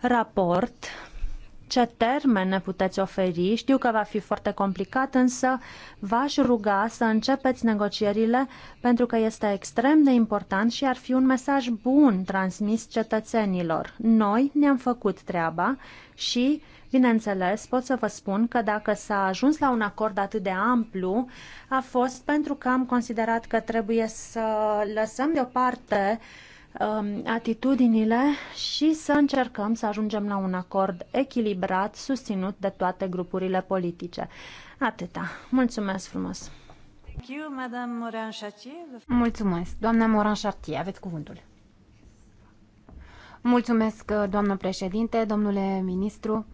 raport. Ce termen ne puteți oferi? Știu că va fi foarte complicat, însă v-aș ruga să începeți negocierile pentru că este extrem de important și ar fi un mesaj bun transmis cetățenilor. Noi ne-am făcut treaba și Bineînțeles, pot să vă spun că dacă s-a ajuns la un acord atât de amplu, a fost pentru că am considerat că trebuie să lăsăm deoparte um, atitudinile și să încercăm să ajungem la un acord echilibrat, susținut de toate grupurile politice. Atâta. Mulțumesc frumos! Mulțumesc. Doamna Moran Chartier, aveți cuvântul. Mulțumesc, doamnă președinte, domnule ministru.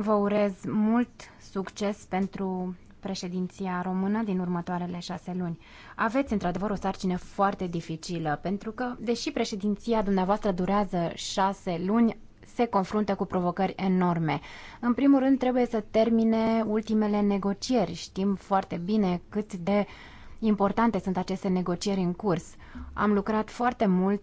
Vă urez mult succes pentru președinția română din următoarele șase luni. Aveți într-adevăr o sarcină foarte dificilă, pentru că, deși președinția dumneavoastră durează șase luni, se confruntă cu provocări enorme. În primul rând, trebuie să termine ultimele negocieri. Știm foarte bine cât de importante sunt aceste negocieri în curs. Am lucrat foarte mult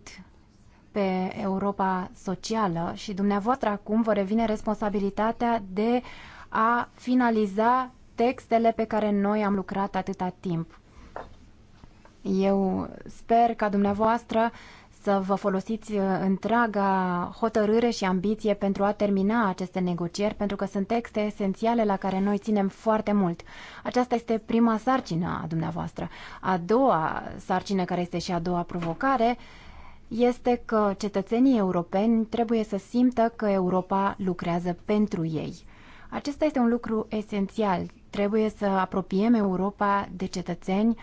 pe Europa socială și dumneavoastră acum vă revine responsabilitatea de a finaliza textele pe care noi am lucrat atâta timp. Eu sper ca dumneavoastră să vă folosiți uh, întreaga hotărâre și ambiție pentru a termina aceste negocieri, pentru că sunt texte esențiale la care noi ținem foarte mult. Aceasta este prima sarcină a dumneavoastră. A doua sarcină, care este și a doua provocare, este că cetățenii europeni trebuie să simtă că Europa lucrează pentru ei. Acesta este un lucru esențial. Trebuie să apropiem Europa de cetățeni,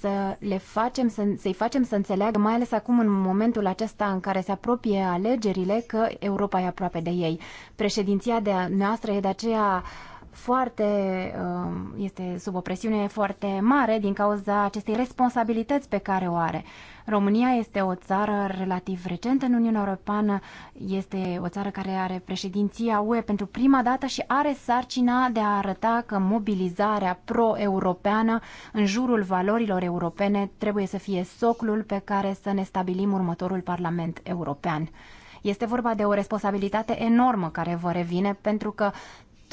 să le facem, să, să-i facem să înțeleagă, mai ales acum în momentul acesta în care se apropie alegerile, că Europa e aproape de ei. Președinția de noastră e de aceea uh, foarte, um, este sub o presiune foarte mare din cauza acestei responsabilități pe care o are. România este o țară relativ recentă în Uniunea Europeană, este o țară care are președinția UE pentru prima dată și are sarcina de a arăta că mobilizarea pro-europeană în jurul valorilor europene trebuie să fie soclul pe care să ne stabilim următorul Parlament European. Este vorba de o responsabilitate enormă care vă revine pentru că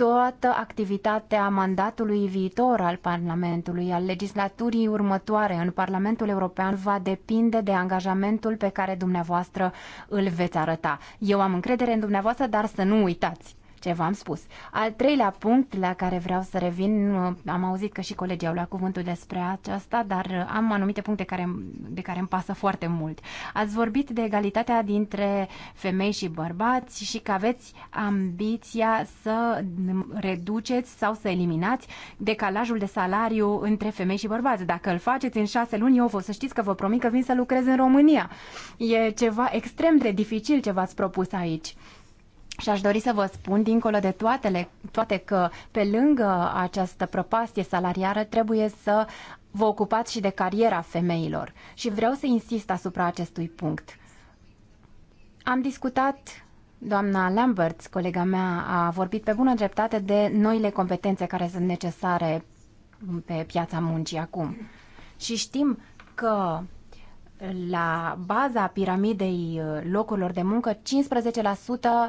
toată activitatea mandatului viitor al Parlamentului, al legislaturii următoare în Parlamentul European va depinde de angajamentul pe care dumneavoastră îl veți arăta. Eu am încredere în dumneavoastră, dar să nu uitați! ce v-am spus. Al treilea punct la care vreau să revin, uh, am auzit că și colegii au luat cuvântul despre aceasta, dar uh, am anumite puncte care, de care îmi pasă foarte mult. Ați vorbit de egalitatea dintre femei și bărbați și că aveți ambiția să reduceți sau să eliminați decalajul de salariu între femei și bărbați. Dacă îl faceți în șase luni, eu vă să știți că vă promit că vin să lucrez în România. E ceva extrem de dificil ce v-ați propus aici. Și aș dori să vă spun, dincolo de toatele, toate că pe lângă această prăpastie salariară trebuie să vă ocupați și de cariera femeilor. Și vreau să insist asupra acestui punct. Am discutat, doamna Lamberts, colega mea, a vorbit pe bună dreptate de noile competențe care sunt necesare pe piața muncii acum. Și știm că la baza piramidei uh, locurilor de muncă, 15%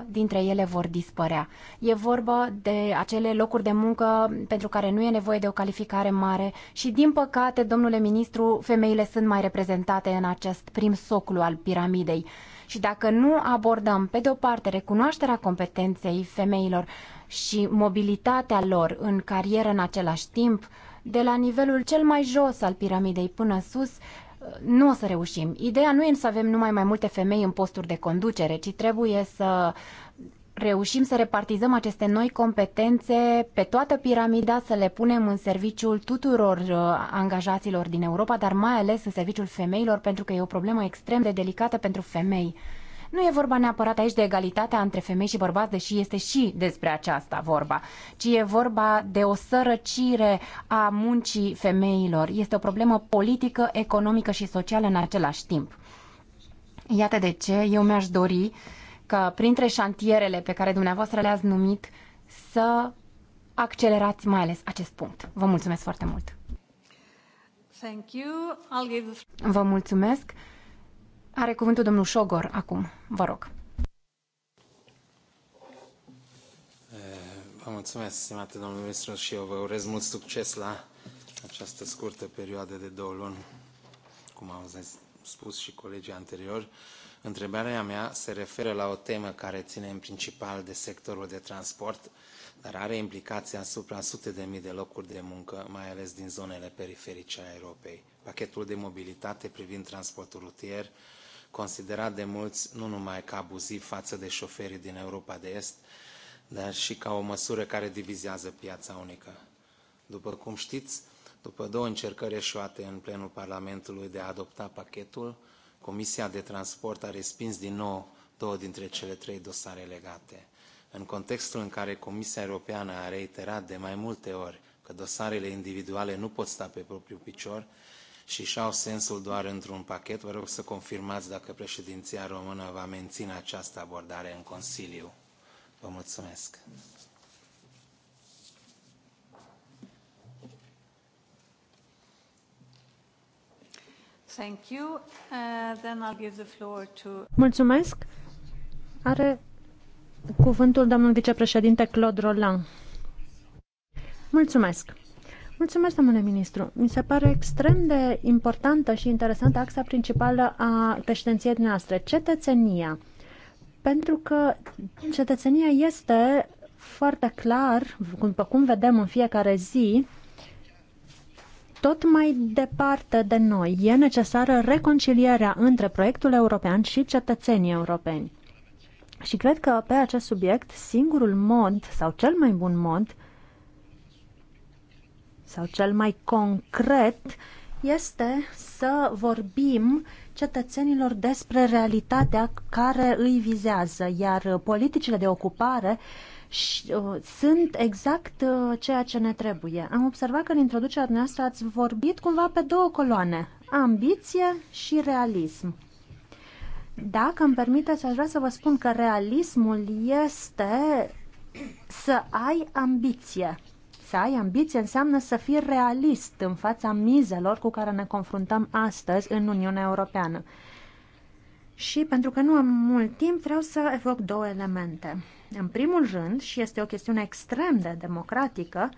dintre ele vor dispărea. E vorba de acele locuri de muncă pentru care nu e nevoie de o calificare mare și, din păcate, domnule ministru, femeile sunt mai reprezentate în acest prim soclu al piramidei. Și dacă nu abordăm, pe de o parte, recunoașterea competenței femeilor și mobilitatea lor în carieră în același timp, de la nivelul cel mai jos al piramidei până sus, nu o să reușim. Ideea nu e să avem numai mai multe femei în posturi de conducere, ci trebuie să reușim să repartizăm aceste noi competențe pe toată piramida, să le punem în serviciul tuturor uh, angajaților din Europa, dar mai ales în serviciul femeilor, pentru că e o problemă extrem de delicată pentru femei. Nu e vorba neapărat aici de egalitatea între femei și bărbați, deși este și despre aceasta vorba, ci e vorba de o sărăcire a muncii femeilor. Este o problemă politică, economică și socială în același timp. Iată de ce eu mi-aș dori că printre șantierele pe care dumneavoastră le-ați numit să accelerați mai ales acest punct. Vă mulțumesc foarte mult! Thank you. I'll give... Vă mulțumesc! Are cuvântul domnul Șogor acum. Vă rog. Eh, vă mulțumesc, stimate domnul ministru, și eu vă urez mult succes la această scurtă perioadă de două luni, cum au spus și colegii anteriori. Întrebarea mea se referă la o temă care ține în principal de sectorul de transport, dar are implicații asupra sute de mii de locuri de muncă, mai ales din zonele periferice ale Europei. Pachetul de mobilitate privind transportul rutier considerat de mulți nu numai ca abuziv față de șoferii din Europa de Est, dar și ca o măsură care divizează piața unică. După cum știți, după două încercări eșuate în plenul Parlamentului de a adopta pachetul, Comisia de Transport a respins din nou două dintre cele trei dosare legate. În contextul în care Comisia Europeană a reiterat de mai multe ori că dosarele individuale nu pot sta pe propriul picior, și și-au sensul doar într-un pachet. Vă rog să confirmați dacă președinția română va menține această abordare în Consiliu. Vă mulțumesc. Thank you. Uh, then I'll give the floor to... Mulțumesc. Are cuvântul domnul vicepreședinte Claude Roland. Mulțumesc. Mulțumesc, domnule ministru. Mi se pare extrem de importantă și interesantă axa principală a președinției noastre, cetățenia. Pentru că cetățenia este foarte clar, după cum vedem în fiecare zi, tot mai departe de noi. E necesară reconcilierea între proiectul european și cetățenii europeni. Și cred că pe acest subiect, singurul mod sau cel mai bun mod sau cel mai concret este să vorbim cetățenilor despre realitatea care îi vizează, iar politicile de ocupare și, uh, sunt exact uh, ceea ce ne trebuie. Am observat că în introducerea noastră ați vorbit cumva pe două coloane, ambiție și realism. Dacă îmi permiteți, aș vrea să vă spun că realismul este să ai ambiție să ai ambiție înseamnă să fii realist în fața mizelor cu care ne confruntăm astăzi în Uniunea Europeană. Și pentru că nu am mult timp, vreau să evoc două elemente. În primul rând, și este o chestiune extrem de democratică,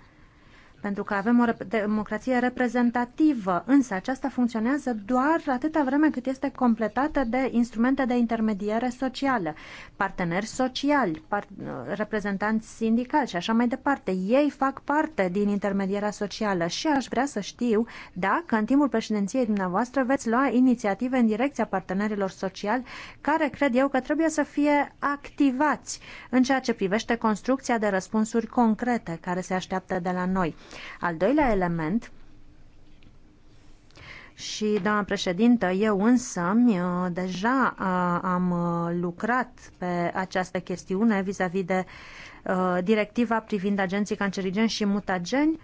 pentru că avem o democrație reprezentativă, însă aceasta funcționează doar atâta vreme cât este completată de instrumente de intermediere socială, parteneri sociali, par reprezentanți sindicali și așa mai departe. Ei fac parte din intermedierea socială și aș vrea să știu dacă în timpul președinției dumneavoastră veți lua inițiative în direcția partenerilor sociali care cred eu că trebuie să fie activați în ceea ce privește construcția de răspunsuri concrete care se așteaptă de la noi. Al doilea element și, doamna președintă, eu însă uh, deja uh, am uh, lucrat pe această chestiune vis-a-vis -vis de directiva privind agenții cancerigeni și mutageni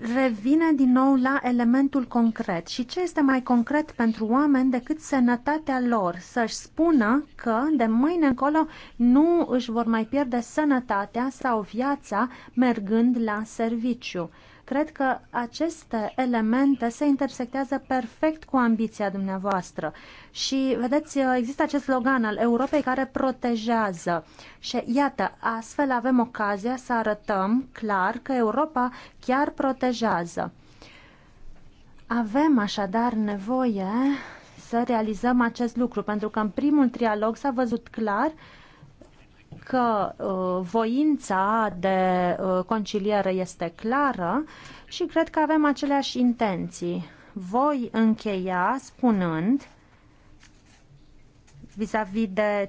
revine din nou la elementul concret. Și ce este mai concret pentru oameni decât sănătatea lor? Să-și spună că de mâine încolo nu își vor mai pierde sănătatea sau viața mergând la serviciu. Cred că aceste elemente se intersectează perfect cu ambiția dumneavoastră. Și, vedeți, există acest slogan al Europei care protejează. Și, iată, astfel avem ocazia să arătăm clar că Europa chiar protejează. Avem așadar nevoie să realizăm acest lucru, pentru că în primul trialog s-a văzut clar uh, că uh, voința de uh, conciliere este clară și cred că avem aceleași intenții. Voi încheia spunând vis-a-vis -vis de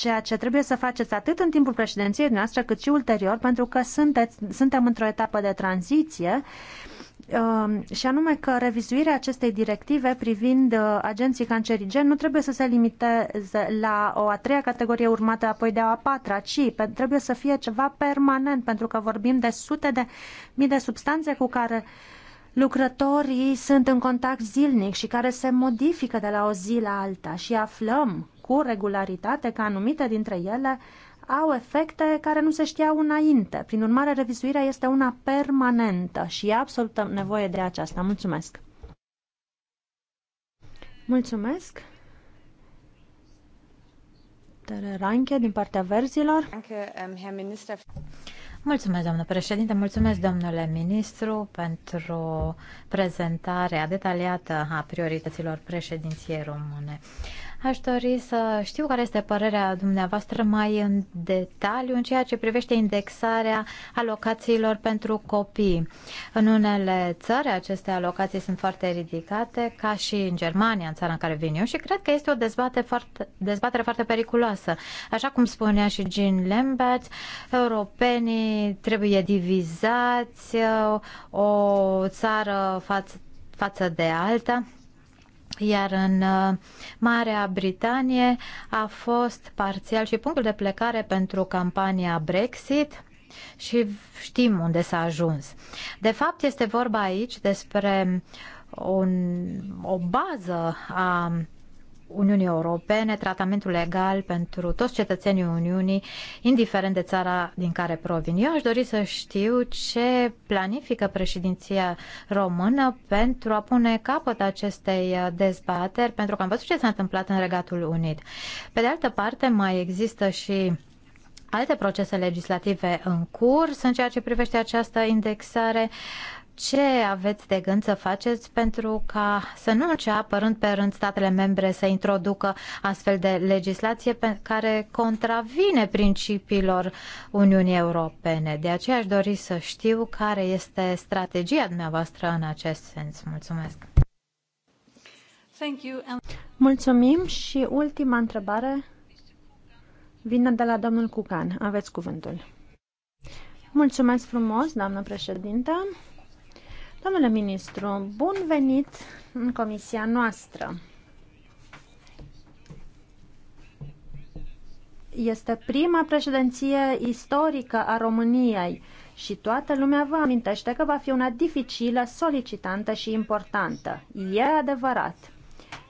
ceea ce trebuie să faceți atât în timpul președinției noastre cât și ulterior, pentru că sunteți, suntem într-o etapă de tranziție um, și anume că revizuirea acestei directive privind uh, agenții cancerigeni nu trebuie să se limiteze la o a treia categorie urmată apoi de a, patra, ci trebuie să fie ceva permanent, pentru că vorbim de sute de mii de substanțe cu care lucrătorii sunt în contact zilnic și care se modifică de la o zi la alta și aflăm cu regularitate că anumite dintre ele au efecte care nu se știau înainte. Prin urmare, revizuirea este una permanentă și e absolută nevoie de aceasta. Mulțumesc! Mulțumesc! Tere Ranche, din partea verzilor. Mulțumesc, doamnă președinte, mulțumesc, domnule ministru, pentru prezentarea detaliată a priorităților președinției române. Aș dori să știu care este părerea dumneavoastră mai în detaliu în ceea ce privește indexarea alocațiilor pentru copii. În unele țări aceste alocații sunt foarte ridicate, ca și în Germania, în țara în care vin eu, și cred că este o dezbatere foarte, dezbatere foarte periculoasă. Așa cum spunea și Jean Lambert, europenii trebuie divizați, o țară față, față de alta iar în uh, Marea Britanie a fost parțial și punctul de plecare pentru campania Brexit și știm unde s-a ajuns. De fapt, este vorba aici despre un, o bază a Uniunii Europene, tratamentul legal pentru toți cetățenii Uniunii, indiferent de țara din care provin. Eu aș dori să știu ce planifică președinția română pentru a pune capăt acestei uh, dezbateri, pentru că am văzut ce s-a întâmplat în Regatul Unit. Pe de altă parte, mai există și alte procese legislative în curs în ceea ce privește această indexare uh, ce aveți de gând să faceți pentru ca să nu înceapă rând pe rând statele membre să introducă astfel de legislație pe care contravine principiilor Uniunii Europene? De aceea aș dori să știu care este strategia dumneavoastră în acest sens. Mulțumesc! Mulțumim și ultima întrebare vine de la domnul Cucan. Aveți cuvântul. Mulțumesc frumos, doamnă președintă. Domnule ministru, bun venit în comisia noastră. Este prima președinție istorică a României și toată lumea vă amintește că va fi una dificilă, solicitantă și importantă. E adevărat.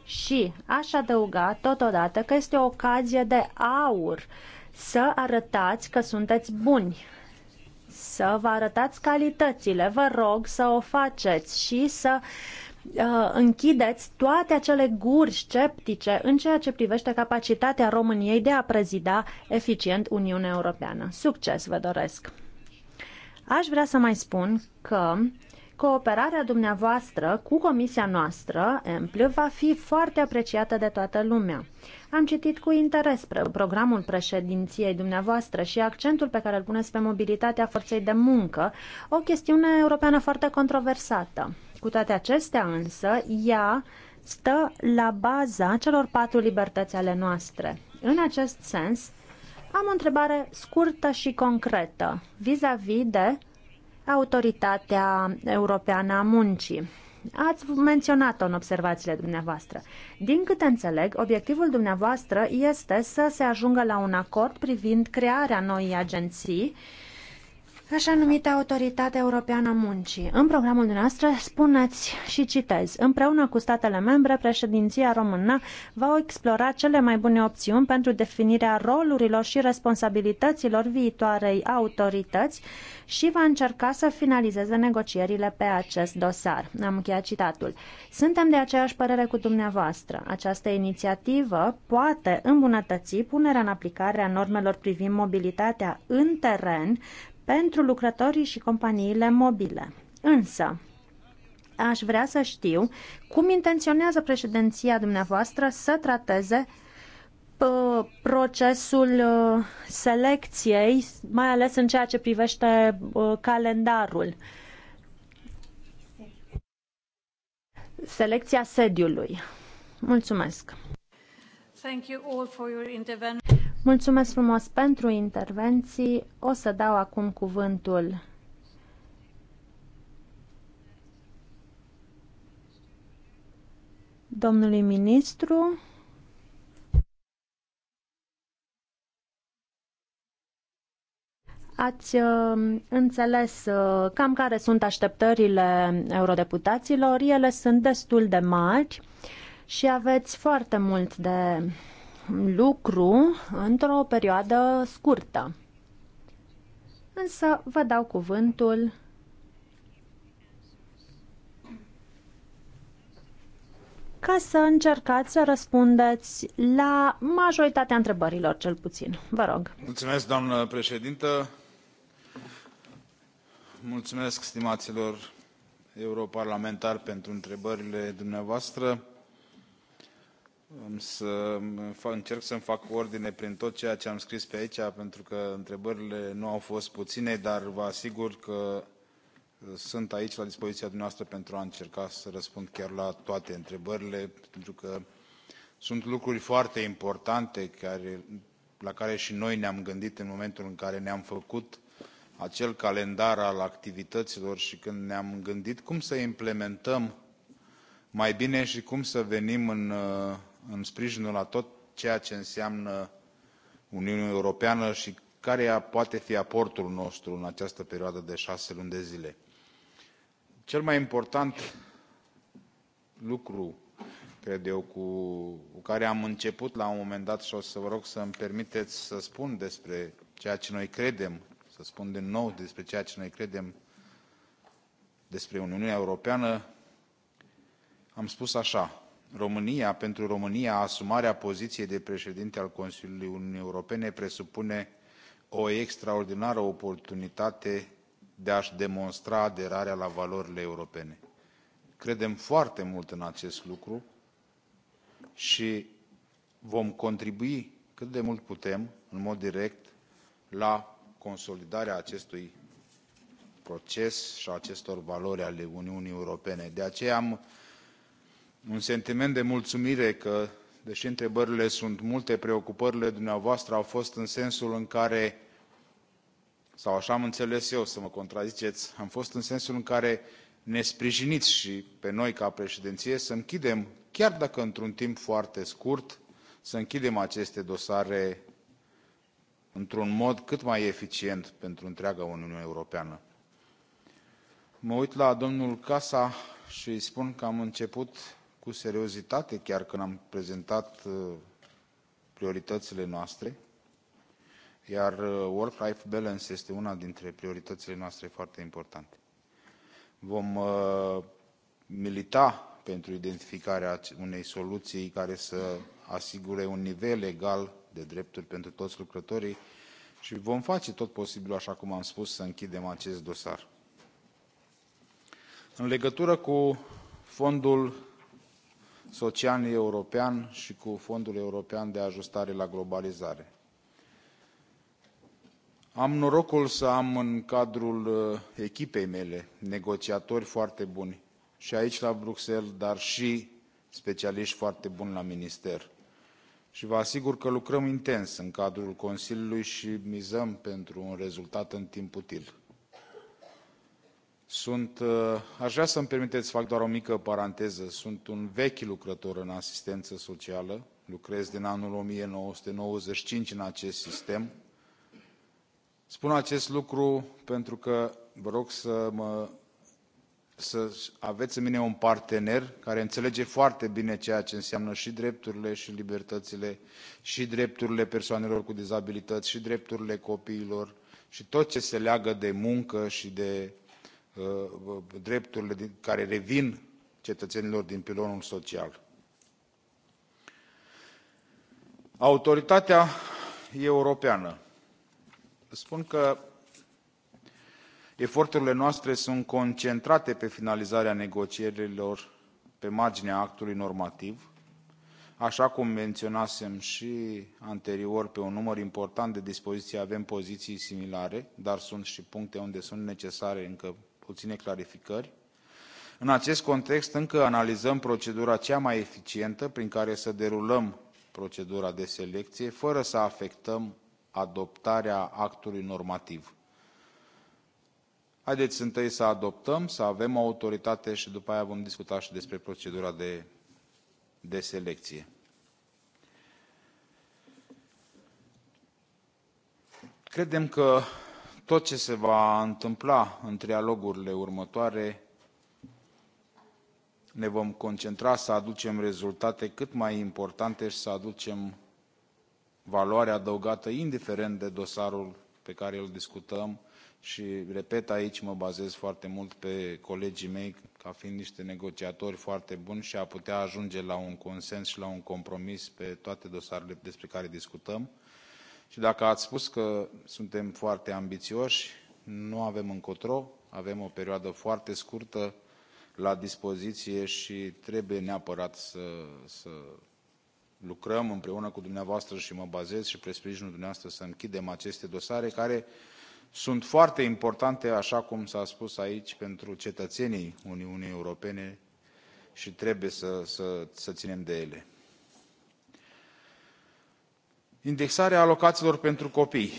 Și aș adăuga totodată că este o ocazie de aur să arătați că sunteți buni să vă arătați calitățile. Vă rog să o faceți și să uh, închideți toate acele guri sceptice în ceea ce privește capacitatea României de a prezida eficient Uniunea Europeană. Succes vă doresc! Aș vrea să mai spun că cooperarea dumneavoastră cu comisia noastră, EMPL, va fi foarte apreciată de toată lumea. Am citit cu interes programul președinției dumneavoastră și accentul pe care îl puneți pe mobilitatea forței de muncă, o chestiune europeană foarte controversată. Cu toate acestea însă, ea stă la baza celor patru libertăți ale noastre. În acest sens, am o întrebare scurtă și concretă vis-a-vis -vis de Autoritatea Europeană a Muncii. Ați menționat-o în observațiile dumneavoastră. Din câte înțeleg, obiectivul dumneavoastră este să se ajungă la un acord privind crearea noii agenții uh, așa numită Autoritate Europeană a Muncii. În programul dumneavoastră spuneți și citez. Împreună cu statele membre, președinția română va explora cele mai bune opțiuni pentru definirea rolurilor și responsabilităților viitoarei autorități și va încerca să finalizeze negocierile pe acest dosar. Am încheiat citatul. Suntem de aceeași părere cu dumneavoastră. Această inițiativă poate îmbunătăți punerea în aplicare a normelor privind mobilitatea în teren pentru lucrătorii și companiile mobile. Însă, aș vrea să știu cum intenționează președinția dumneavoastră să trateze procesul ă, selecției, mai ales în ceea ce privește ă, calendarul. Selecția sediului. Mulțumesc. Thank you all for your Mulțumesc frumos pentru intervenții. O să dau acum cuvântul domnului ministru. Ați uh, înțeles uh, cam care sunt așteptările eurodeputaților. Ele sunt destul de mari și aveți foarte mult de lucru într-o perioadă scurtă. Însă vă dau cuvântul ca să încercați să răspundeți la majoritatea întrebărilor, cel puțin. Vă rog. Mulțumesc, doamnă președintă. Mulțumesc, stimaților europarlamentari, pentru întrebările dumneavoastră să fac, încerc să-mi fac ordine prin tot ceea ce am scris pe aici, pentru că întrebările nu au fost puține, dar vă asigur că uh, sunt aici la dispoziția dumneavoastră pentru a încerca să răspund chiar la toate întrebările, pentru că sunt lucruri foarte importante care, la care și noi ne-am gândit în momentul în care ne-am făcut acel calendar al activităților și când ne-am gândit cum să implementăm mai bine și cum să venim în uh, în sprijinul a tot ceea ce înseamnă uniunea europeană și care poate fi aportul nostru în această perioadă de șase luni de zile. cel mai important lucru cred eu cu care am început la un moment dat și o să vă rog să îmi permiteți să spun despre ceea ce noi credem să spun din nou despre ceea ce noi credem despre uniunea europeană am spus așa românia pentru românia asumarea poziției de președinte al consiliului uniunii europene presupune o extraordinară oportunitate de a și demonstra aderarea la valorile europene. credem foarte mult în acest lucru și vom contribui cât de mult putem în mod direct la consolidarea acestui proces și a acestor valori ale uniunii europene. de aceea am un sentiment de mulțumire că, deși întrebările sunt multe, preocupările dumneavoastră au fost în sensul în care, sau așa am înțeles eu, să mă contraziceți, am fost în sensul în care ne sprijiniți și pe noi ca președinție să închidem, chiar dacă într-un timp foarte scurt, să închidem aceste dosare într-un mod cât mai eficient pentru întreaga Uniune Europeană. Mă uit la domnul Casa și îi spun că am început cu seriozitate chiar când am prezentat uh, prioritățile noastre, iar uh, work-life balance este una dintre prioritățile noastre foarte importante. Vom uh, milita pentru identificarea unei soluții care să asigure un nivel egal de drepturi pentru toți lucrătorii și vom face tot posibilul, așa cum am spus, să închidem acest dosar. În legătură cu fondul social european și cu Fondul European de Ajustare la Globalizare. Am norocul să am în cadrul uh, echipei mele negociatori foarte buni și aici la Bruxelles, dar și specialiști foarte buni la minister. Și vă asigur că lucrăm intens în cadrul Consiliului și mizăm pentru un rezultat în timp util. Sunt, uh, aș vrea să-mi permiteți să fac doar o mică paranteză. Sunt un vechi lucrător în asistență socială. Lucrez din anul 1995 în acest sistem. Spun acest lucru pentru că vă rog să, mă, să aveți în mine un partener care înțelege foarte bine ceea ce înseamnă și drepturile și libertățile, și drepturile persoanelor cu dizabilități, și drepturile copiilor, și tot ce se leagă de muncă și de Uh, drepturile care revin cetățenilor din pilonul social. Autoritatea europeană. Spun că eforturile noastre sunt concentrate pe finalizarea negocierilor pe marginea actului normativ, așa cum menționasem și anterior, pe un număr important de dispoziții avem poziții similare, dar sunt și puncte unde sunt necesare încă puține clarificări. În acest context, încă analizăm procedura cea mai eficientă prin care să derulăm procedura de selecție, fără să afectăm adoptarea actului normativ. Haideți întâi să adoptăm, să avem o autoritate și după aia vom discuta și despre procedura de, de selecție. Credem că tot ce se va întâmpla în trialogurile următoare, ne vom concentra să aducem rezultate cât mai importante și să aducem valoare adăugată, indiferent de dosarul pe care îl discutăm. Și, repet, aici mă bazez foarte mult pe colegii mei, ca fiind niște negociatori foarte buni și a putea ajunge la un consens și la un compromis pe toate dosarele despre care discutăm și dacă ați spus că suntem foarte ambițioși nu avem încotro avem o perioadă foarte scurtă la dispoziție și trebuie neapărat să, să lucrăm împreună cu dumneavoastră și mă bazez și pe sprijinul dumneavoastră să închidem aceste dosare care sunt foarte importante, așa cum s-a spus aici, pentru cetățenii Uniunii Europene și trebuie să, să, să ținem de ele indexarea alocațiilor pentru copii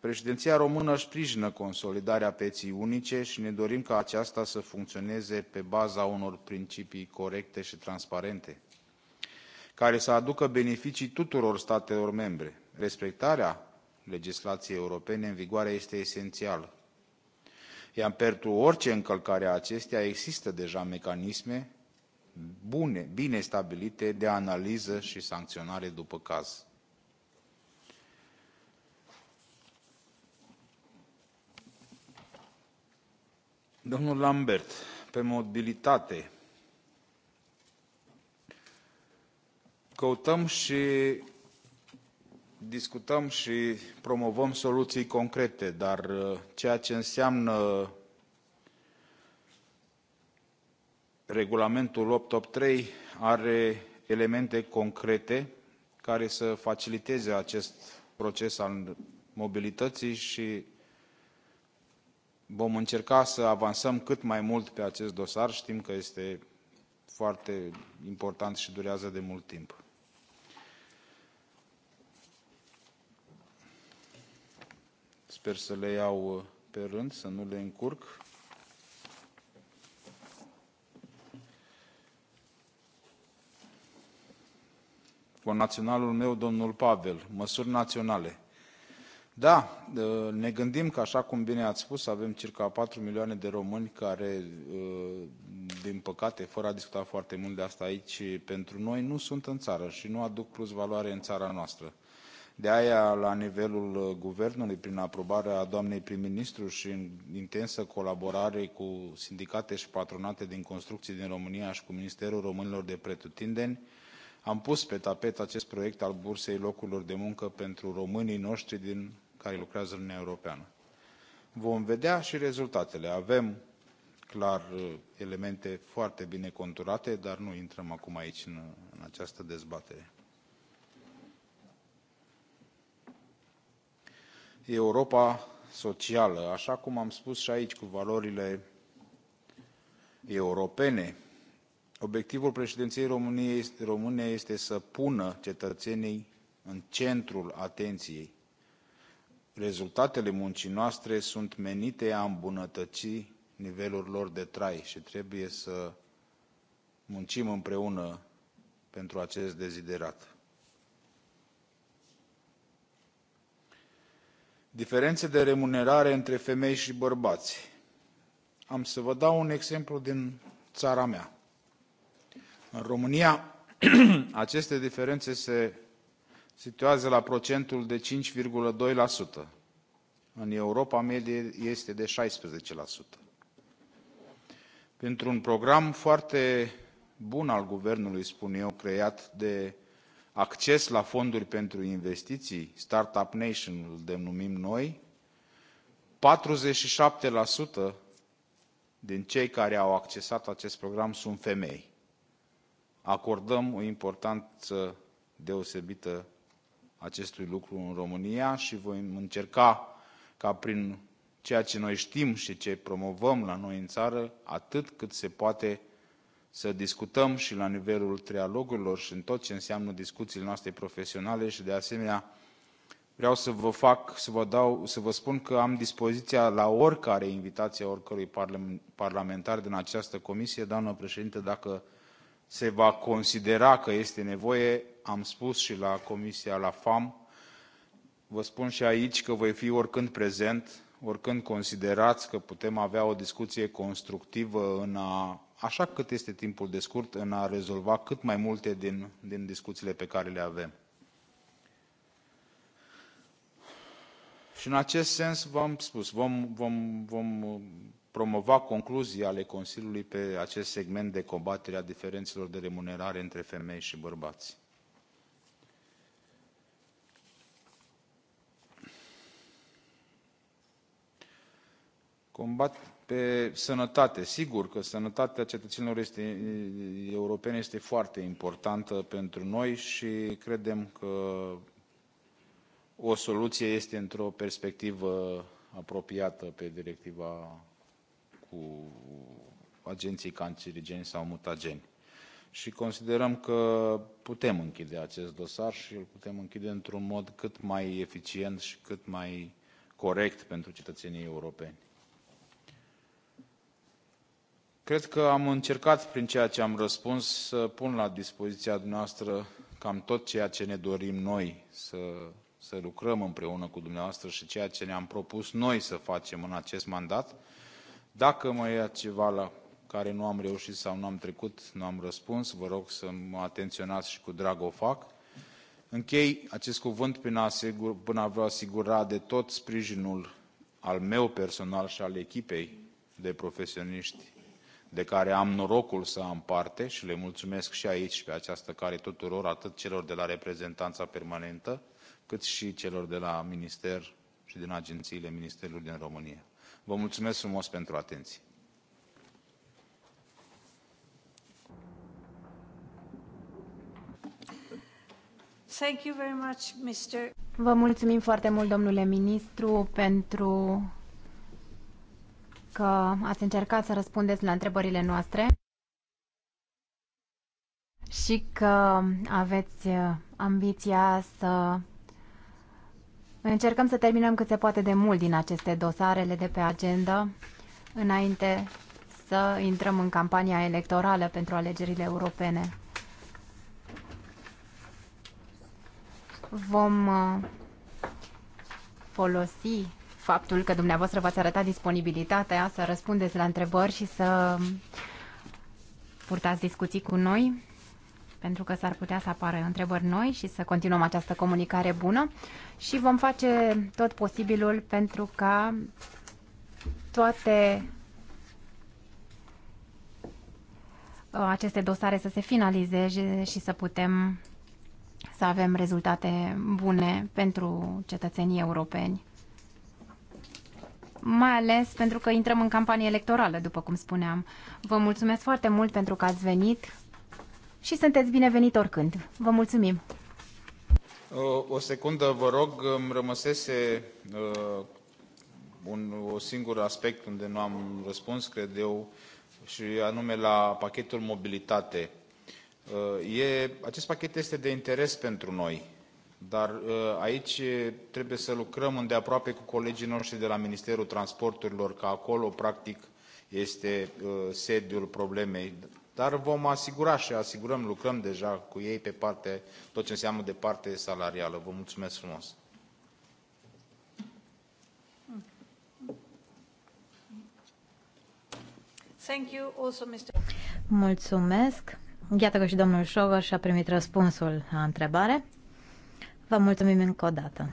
președinția română sprijină consolidarea pieței unice și ne dorim ca aceasta să funcționeze pe baza unor principii corecte și transparente care să aducă beneficii tuturor statelor membre. respectarea legislației europene în vigoare este esențială iar pentru orice încălcare a acesteia există deja mecanisme bune bine stabilite de analiză și sancționare după caz. domnul Lambert, pe mobilitate, căutăm și discutăm și promovăm soluții concrete, dar uh, ceea ce înseamnă regulamentul 883 are elemente concrete care să faciliteze acest proces al mobilității și vom încerca să avansăm cât mai mult pe acest dosar știm că este foarte important și durează de mult timp. Sper să le iau uh, pe rând, să nu le încurc. Conaționalul meu, domnul Pavel, măsuri naționale da, ne gândim că, așa cum bine ați spus, avem circa 4 milioane de români care, ă, din păcate, fără a discuta foarte mult de asta aici, pentru noi nu sunt în țară și nu aduc plus valoare în țara noastră. De aia, la nivelul ă, guvernului, prin aprobarea doamnei prim-ministru și în intensă colaborare cu sindicate și patronate din construcții din România și cu Ministerul Românilor de Pretutindeni, am pus pe tapet acest proiect al Bursei Locurilor de Muncă pentru românii noștri din care lucrează în Uniunea Europeană. Vom vedea și rezultatele. Avem clar elemente foarte bine conturate, dar nu intrăm acum aici în, în această dezbatere. Europa socială, așa cum am spus și aici cu valorile europene, obiectivul președinției României este, România este să pună cetățenii în centrul atenției rezultatele muncii noastre sunt menite a îmbunătăți nivelul lor de trai și trebuie să muncim împreună pentru acest deziderat. diferențe de remunerare între femei și bărbați. Am să vă dau un exemplu din țara mea. În România, aceste diferențe se situează la procentul de 5,2%. În Europa, medie este de 16%. Pentru un program foarte bun al guvernului, spun eu, creat de acces la fonduri pentru investiții, Startup Nation îl denumim noi, 47% din cei care au accesat acest program sunt femei. Acordăm o importanță deosebită acestui lucru în România și vom încerca ca prin ceea ce noi știm și ce promovăm la noi în țară, atât cât se poate să discutăm și la nivelul trialogurilor și în tot ce înseamnă discuțiile noastre profesionale și de asemenea vreau să vă fac, să vă, dau, să vă spun că am dispoziția la oricare invitație a oricărui parlamentar din această comisie, doamnă președintă, dacă se va considera că este nevoie, am spus și la Comisia la FAM, vă spun și aici că voi fi oricând prezent, oricând considerați că putem avea o discuție constructivă în a, așa cât este timpul de scurt, în a rezolva cât mai multe din, din discuțiile pe care le avem. Și în acest sens v-am spus, vom, vom, vom promova concluzii ale Consiliului pe acest segment de combatere a diferențelor de remunerare între femei și bărbați. combat pe sănătate. Sigur că sănătatea cetățenilor este, europeni este foarte importantă pentru noi și credem că o soluție este într-o perspectivă apropiată pe directiva cu agenții cancerigeni sau mutageni. Și considerăm că putem închide acest dosar și îl putem închide într-un mod cât mai eficient și cât mai corect pentru cetățenii europeni cred că am încercat prin ceea ce am răspuns să pun la dispoziția dumneavoastră cam tot ceea ce ne dorim noi să, să lucrăm împreună cu dumneavoastră și ceea ce ne-am propus noi să facem în acest mandat. Dacă mai e ceva la care nu am reușit sau nu am trecut, nu am răspuns, vă rog să mă atenționați și cu drag o fac. Închei acest cuvânt prin a, asigur, prin a vă asigura de tot sprijinul al meu personal și al echipei de profesioniști de care am norocul să am parte și le mulțumesc și aici și pe această care tuturor, atât celor de la reprezentanța permanentă, cât și celor de la minister și din agențiile ministerilor din România. Vă mulțumesc frumos pentru atenție. Vă mulțumim foarte mult, domnule ministru, pentru că ați încercat să răspundeți la întrebările noastre și că aveți uh, ambiția să încercăm să terminăm cât se poate de mult din aceste dosarele de pe agenda înainte să intrăm în campania electorală pentru alegerile europene. Vom uh, folosi faptul că dumneavoastră v-ați arătat disponibilitatea să răspundeți la întrebări și să purtați discuții cu noi, pentru că s-ar putea să apară întrebări noi și să continuăm această comunicare bună și vom face tot posibilul pentru ca toate uh, aceste dosare să se finalizeze și să putem să avem rezultate bune pentru cetățenii europeni mai ales pentru că intrăm în campanie electorală, după cum spuneam. Vă mulțumesc foarte mult pentru că ați venit și sunteți binevenit oricând. Vă mulțumim! O, o secundă, vă rog, îmi rămăsese uh, un o singur aspect unde nu am răspuns, cred eu, și anume la pachetul mobilitate. Uh, e, acest pachet este de interes pentru noi dar uh, aici trebuie să lucrăm îndeaproape cu colegii noștri de la Ministerul Transporturilor, că acolo, practic, este uh, sediul problemei. Dar vom asigura și asigurăm, lucrăm deja cu ei pe parte, tot ce înseamnă de parte salarială. Vă mulțumesc frumos! Mulțumesc! Iată că și domnul și a primit răspunsul la întrebare. Vă mulțumim încă o dată.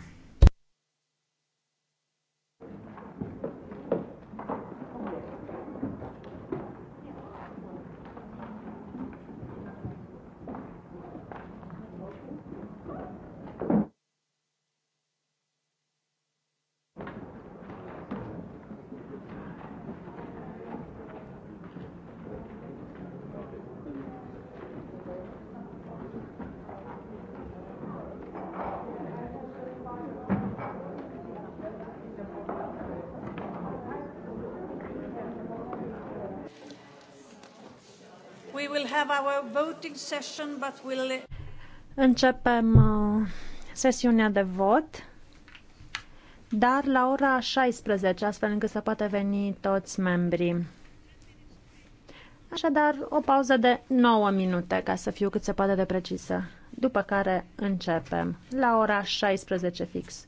our voting session, but we'll... Începem uh, sesiunea de vot, dar la ora 16, astfel încât să poată veni toți membrii. Așadar, o pauză de 9 minute, ca să fiu cât se poate de precisă, după care începem la ora 16 fix.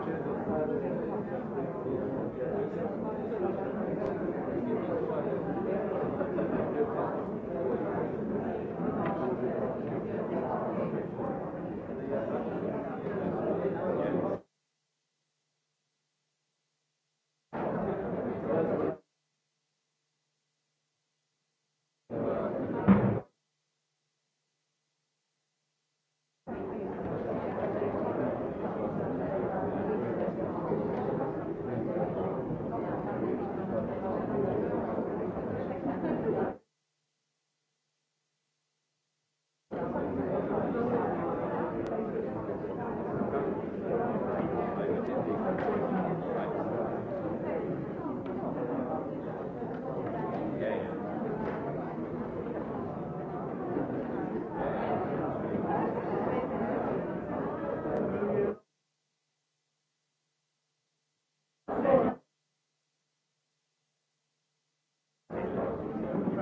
acest dosar.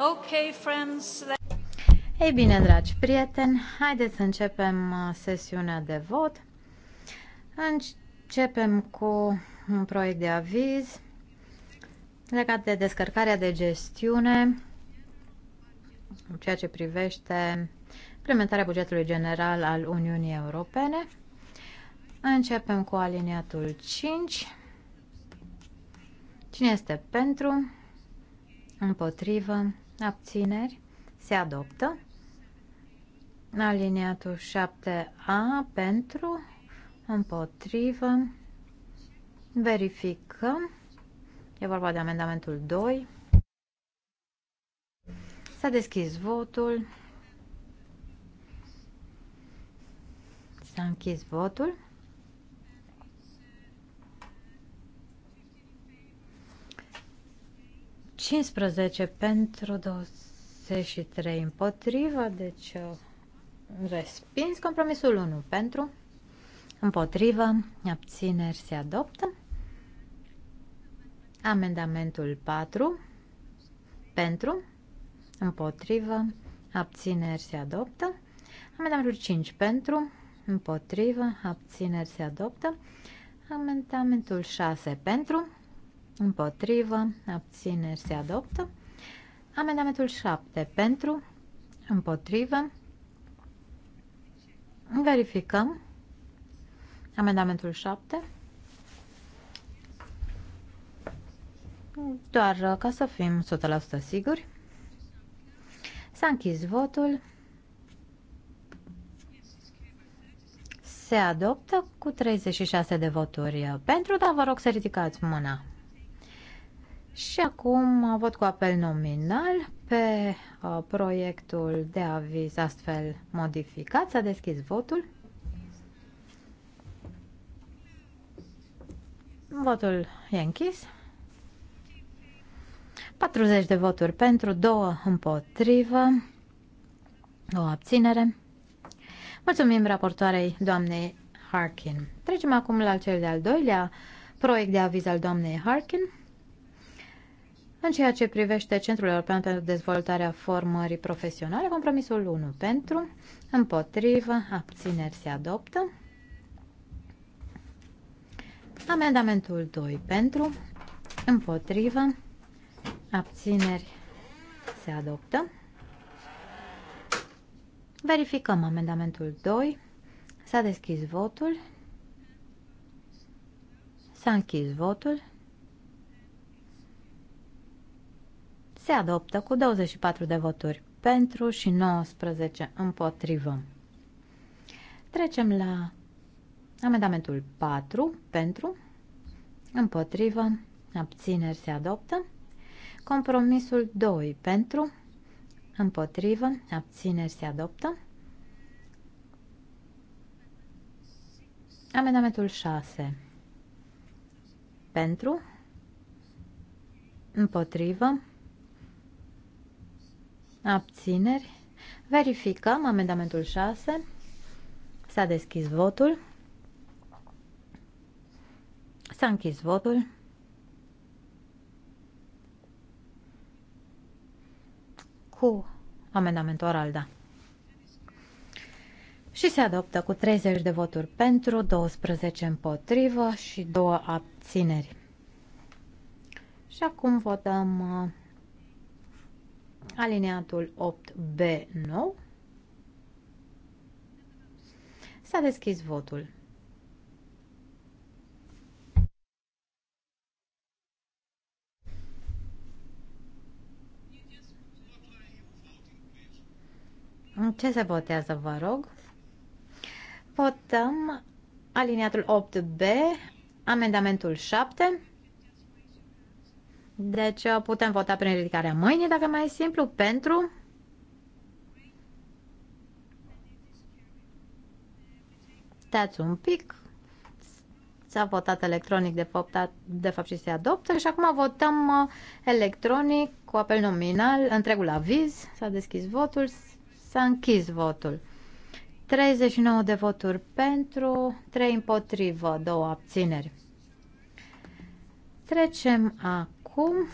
Okay, friends. Ei bine, dragi prieteni, haideți să începem uh, sesiunea de vot. Începem cu un proiect de aviz legat de descărcarea de gestiune în ceea ce privește implementarea bugetului general al Uniunii Europene. Începem cu aliniatul 5. Cine este pentru? Împotrivă? abțineri, se adoptă. Aliniatul 7A pentru, împotrivă, verificăm. E vorba de amendamentul 2. S-a deschis votul. S-a închis votul. 15 pentru 23 împotriva, deci uh, respins compromisul 1 pentru, împotriva, abțineri se adoptă. Amendamentul 4 pentru, împotrivă, abțineri se adoptă. Amendamentul 5 pentru, împotrivă, abțineri se adoptă. Amendamentul 6 pentru, împotrivă, abțineri se adoptă. Amendamentul 7 pentru, împotrivă, verificăm. Amendamentul 7. Doar ca să fim 100% siguri. S-a închis votul. Se adoptă cu 36 de voturi pentru, dar vă rog să ridicați mâna. Și acum vot cu apel nominal pe uh, proiectul de aviz astfel modificat. S-a deschis votul. Votul e închis. 40 de voturi pentru, 2 împotrivă, o abținere. Mulțumim raportoarei doamnei Harkin. Trecem acum la cel de-al doilea proiect de aviz al doamnei Harkin. În ceea ce privește Centrul European pentru Dezvoltarea Formării Profesionale, compromisul 1 pentru, împotrivă, abțineri se adoptă. Amendamentul 2 pentru, împotrivă, abțineri se adoptă. Verificăm amendamentul 2. S-a deschis votul. S-a închis votul. se adoptă cu 24 de voturi pentru și 19 împotrivă. Trecem la amendamentul 4 pentru, împotrivă, abțineri se adoptă. Compromisul 2 pentru, împotrivă, abțineri se adoptă. Amendamentul 6 pentru, împotrivă, abțineri. Verificăm amendamentul 6. S-a deschis votul. S-a închis votul. Cu amendamentul oral, da. Și se adoptă cu 30 de voturi pentru, 12 împotrivă și 2 abțineri. Și acum votăm uh, alineatul 8B9. S-a deschis votul. Ce se votează, vă rog? Votăm aliniatul 8B, amendamentul 7. Deci uh, putem vota prin ridicarea mâinii, dacă mai e simplu, pentru... Stați un pic. S-a votat electronic, de fapt, de fapt și se adoptă. Și acum votăm uh, electronic cu apel nominal întregul aviz. S-a deschis votul, s-a închis votul. 39 de voturi pentru, 3 împotrivă, 2 abțineri. Trecem acum acum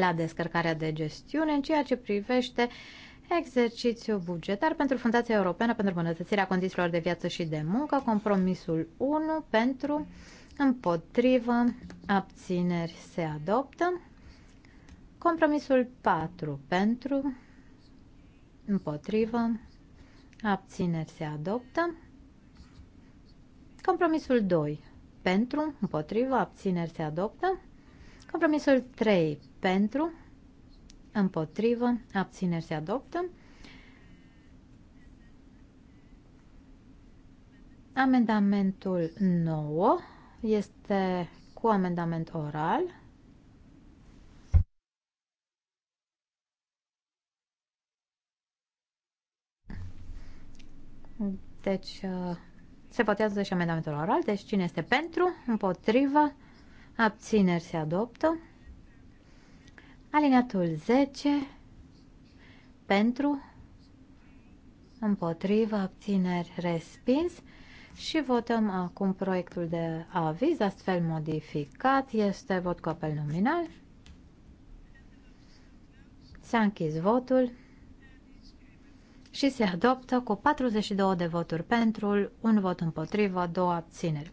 la descărcarea de gestiune în ceea ce privește exercițiul bugetar pentru Fundația Europeană pentru Bunătățirea Condițiilor de Viață și de Muncă, compromisul 1 pentru împotrivă, abțineri se adoptă, compromisul 4 pentru împotrivă, abțineri se adoptă, compromisul 2 pentru, împotrivă, abțineri se adoptă, Compromisul 3 pentru, împotrivă, abțineri se adoptă. Amendamentul 9 este cu amendament oral. Deci uh, se votează și amendamentul oral. Deci cine este pentru, împotrivă, abțineri se adoptă. Alineatul 10 pentru, împotriva, abțineri respins. Și votăm acum proiectul de aviz, astfel modificat. Este vot cu apel nominal. S-a închis votul și se adoptă cu 42 de voturi pentru, un vot împotrivă, două abțineri.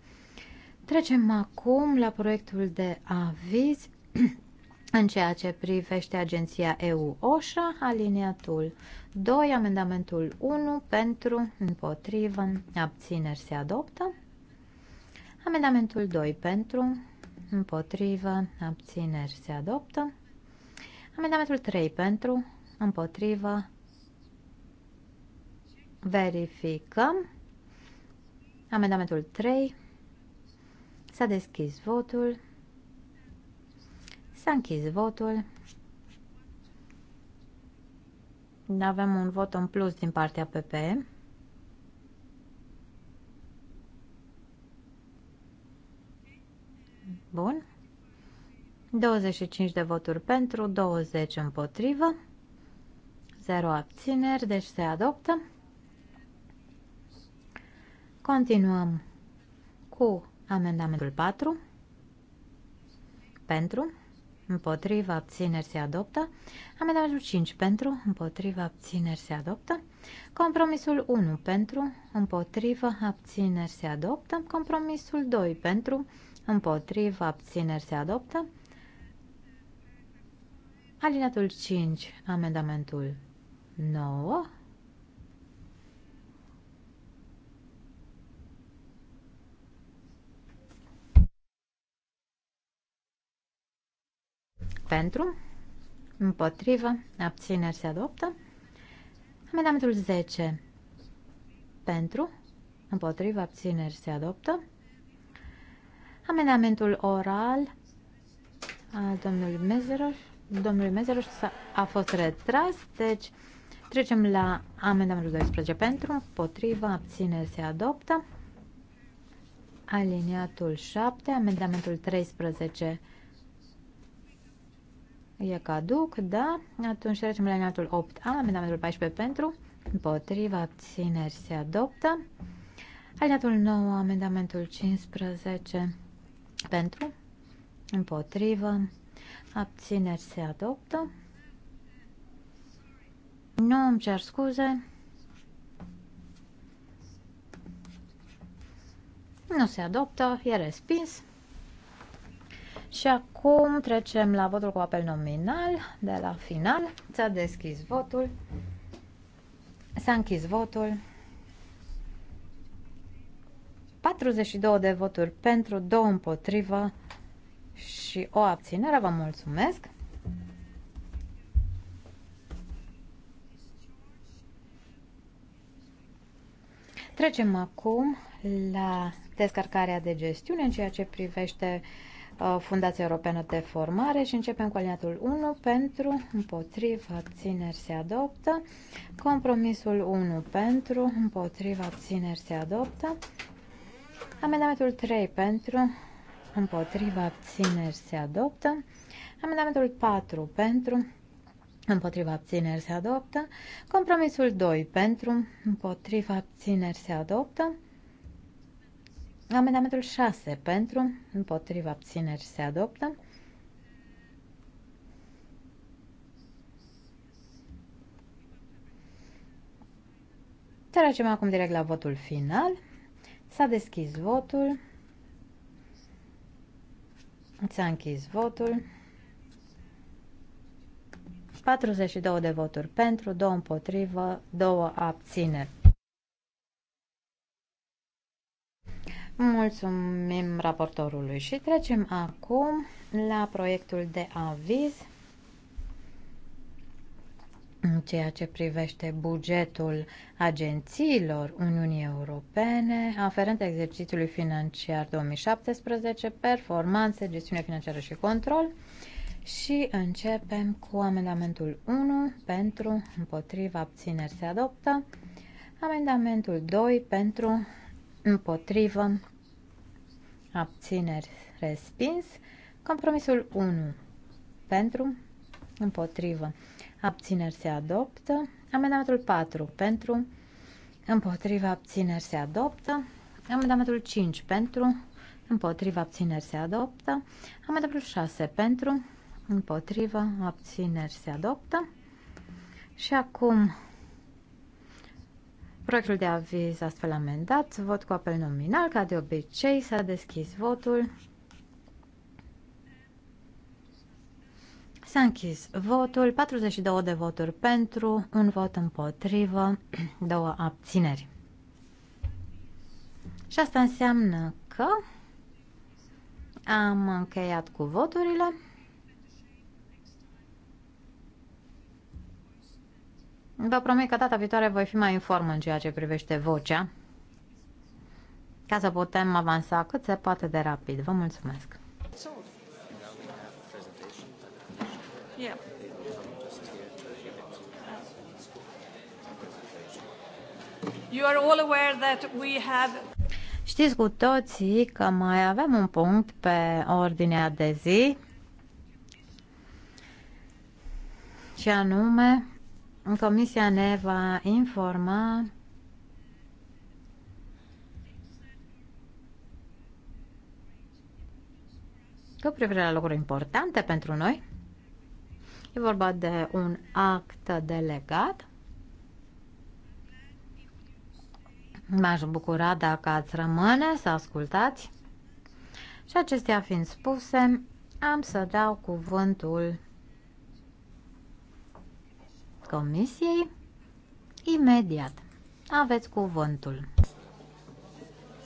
Trecem acum la proiectul de aviz în ceea ce privește agenția EU-OSHA, aliniatul 2, amendamentul 1, pentru, împotrivă, abțineri se adoptă. Amendamentul 2, pentru, împotrivă, abțineri se adoptă. Amendamentul 3, pentru, împotrivă, verificăm. Amendamentul 3, S-a deschis votul. S-a închis votul. Avem un vot în plus din partea PP. Bun. 25 de voturi pentru, 20 împotrivă, 0 abțineri, deci se adoptă. Continuăm cu Amendamentul 4. Pentru. Împotriva abțineri se adoptă. Amendamentul 5 pentru. Împotriva abțineri se adoptă. Compromisul 1 pentru. Împotriva abțineri se adoptă. Compromisul 2 pentru. Împotriva abțineri se adoptă. Alinatul 5. Amendamentul 9 pentru, împotrivă, abțineri se adoptă. Amendamentul 10 pentru, împotrivă, abțineri se adoptă. Amendamentul oral al domnului Mezeroș, domnului Mezeroș a fost retras, deci trecem la amendamentul 12 pentru, împotrivă, abțineri se adoptă. Aliniatul 7, amendamentul 13 e caduc, da. Atunci trecem la alineatul 8A, amendamentul 14 pentru, împotriva, abțineri se adoptă. Alineatul 9, amendamentul 15 pentru, împotrivă, abțineri se adoptă. Nu îmi cer scuze. Nu se adoptă, e respins. Și acum trecem la votul cu apel nominal de la final. S-a deschis votul. S-a închis votul. 42 de voturi pentru, 2 împotrivă și o abținere. Vă mulțumesc! Trecem acum la descărcarea de gestiune în ceea ce privește uh, Uh, Fundația Europeană de Formare și începem cu aliniatul 1 pentru, împotriva, țineri se adoptă. Compromisul 1 pentru, împotriva, țineri se adoptă. Amendamentul 3 pentru, împotriva, țineri se adoptă. Amendamentul 4 pentru, împotriva, țineri se adoptă. Compromisul 2 pentru, împotriva, țineri se adoptă. Amendamentul 6 pentru, împotriva abțineri se adoptă. Trecem acum direct la votul final. S-a deschis votul. S-a închis votul. 42 de voturi pentru, 2 împotrivă, 2 abțineri. Mulțumim raportorului și trecem acum la proiectul de aviz în ceea ce privește bugetul agențiilor Uniunii Europene aferent exercițiului financiar 2017, performanțe, gestiune financiară și control. Și începem cu amendamentul 1 pentru, împotriva, abțineri se adoptă. Amendamentul 2 pentru, împotrivă, abțineri respins. Compromisul 1 pentru, împotrivă, abțineri se adoptă. Amendamentul 4 pentru, împotrivă, abțineri se adoptă. Amendamentul 5 pentru, împotrivă, abțineri se adoptă. Amendamentul 6 pentru, împotrivă, abțineri se adoptă. Și acum Proiectul de aviz astfel amendat, vot cu apel nominal, ca de obicei, s-a deschis votul. S-a închis votul, 42 de voturi pentru, un vot împotrivă, două abțineri. Și asta înseamnă că am încheiat cu voturile. Vă promit că data viitoare voi fi mai inform în ceea ce privește vocea, ca să putem avansa cât se poate de rapid. Vă mulțumesc! You are all aware that we have... Știți cu toții că mai avem un punct pe ordinea de zi și anume Comisia ne va informa cu privire la lucruri importante pentru noi. E vorba de un act delegat. M-aș bucura dacă ați rămâne să ascultați. Și acestea fiind spuse, am să dau cuvântul Comisiei imediat. Aveți cuvântul.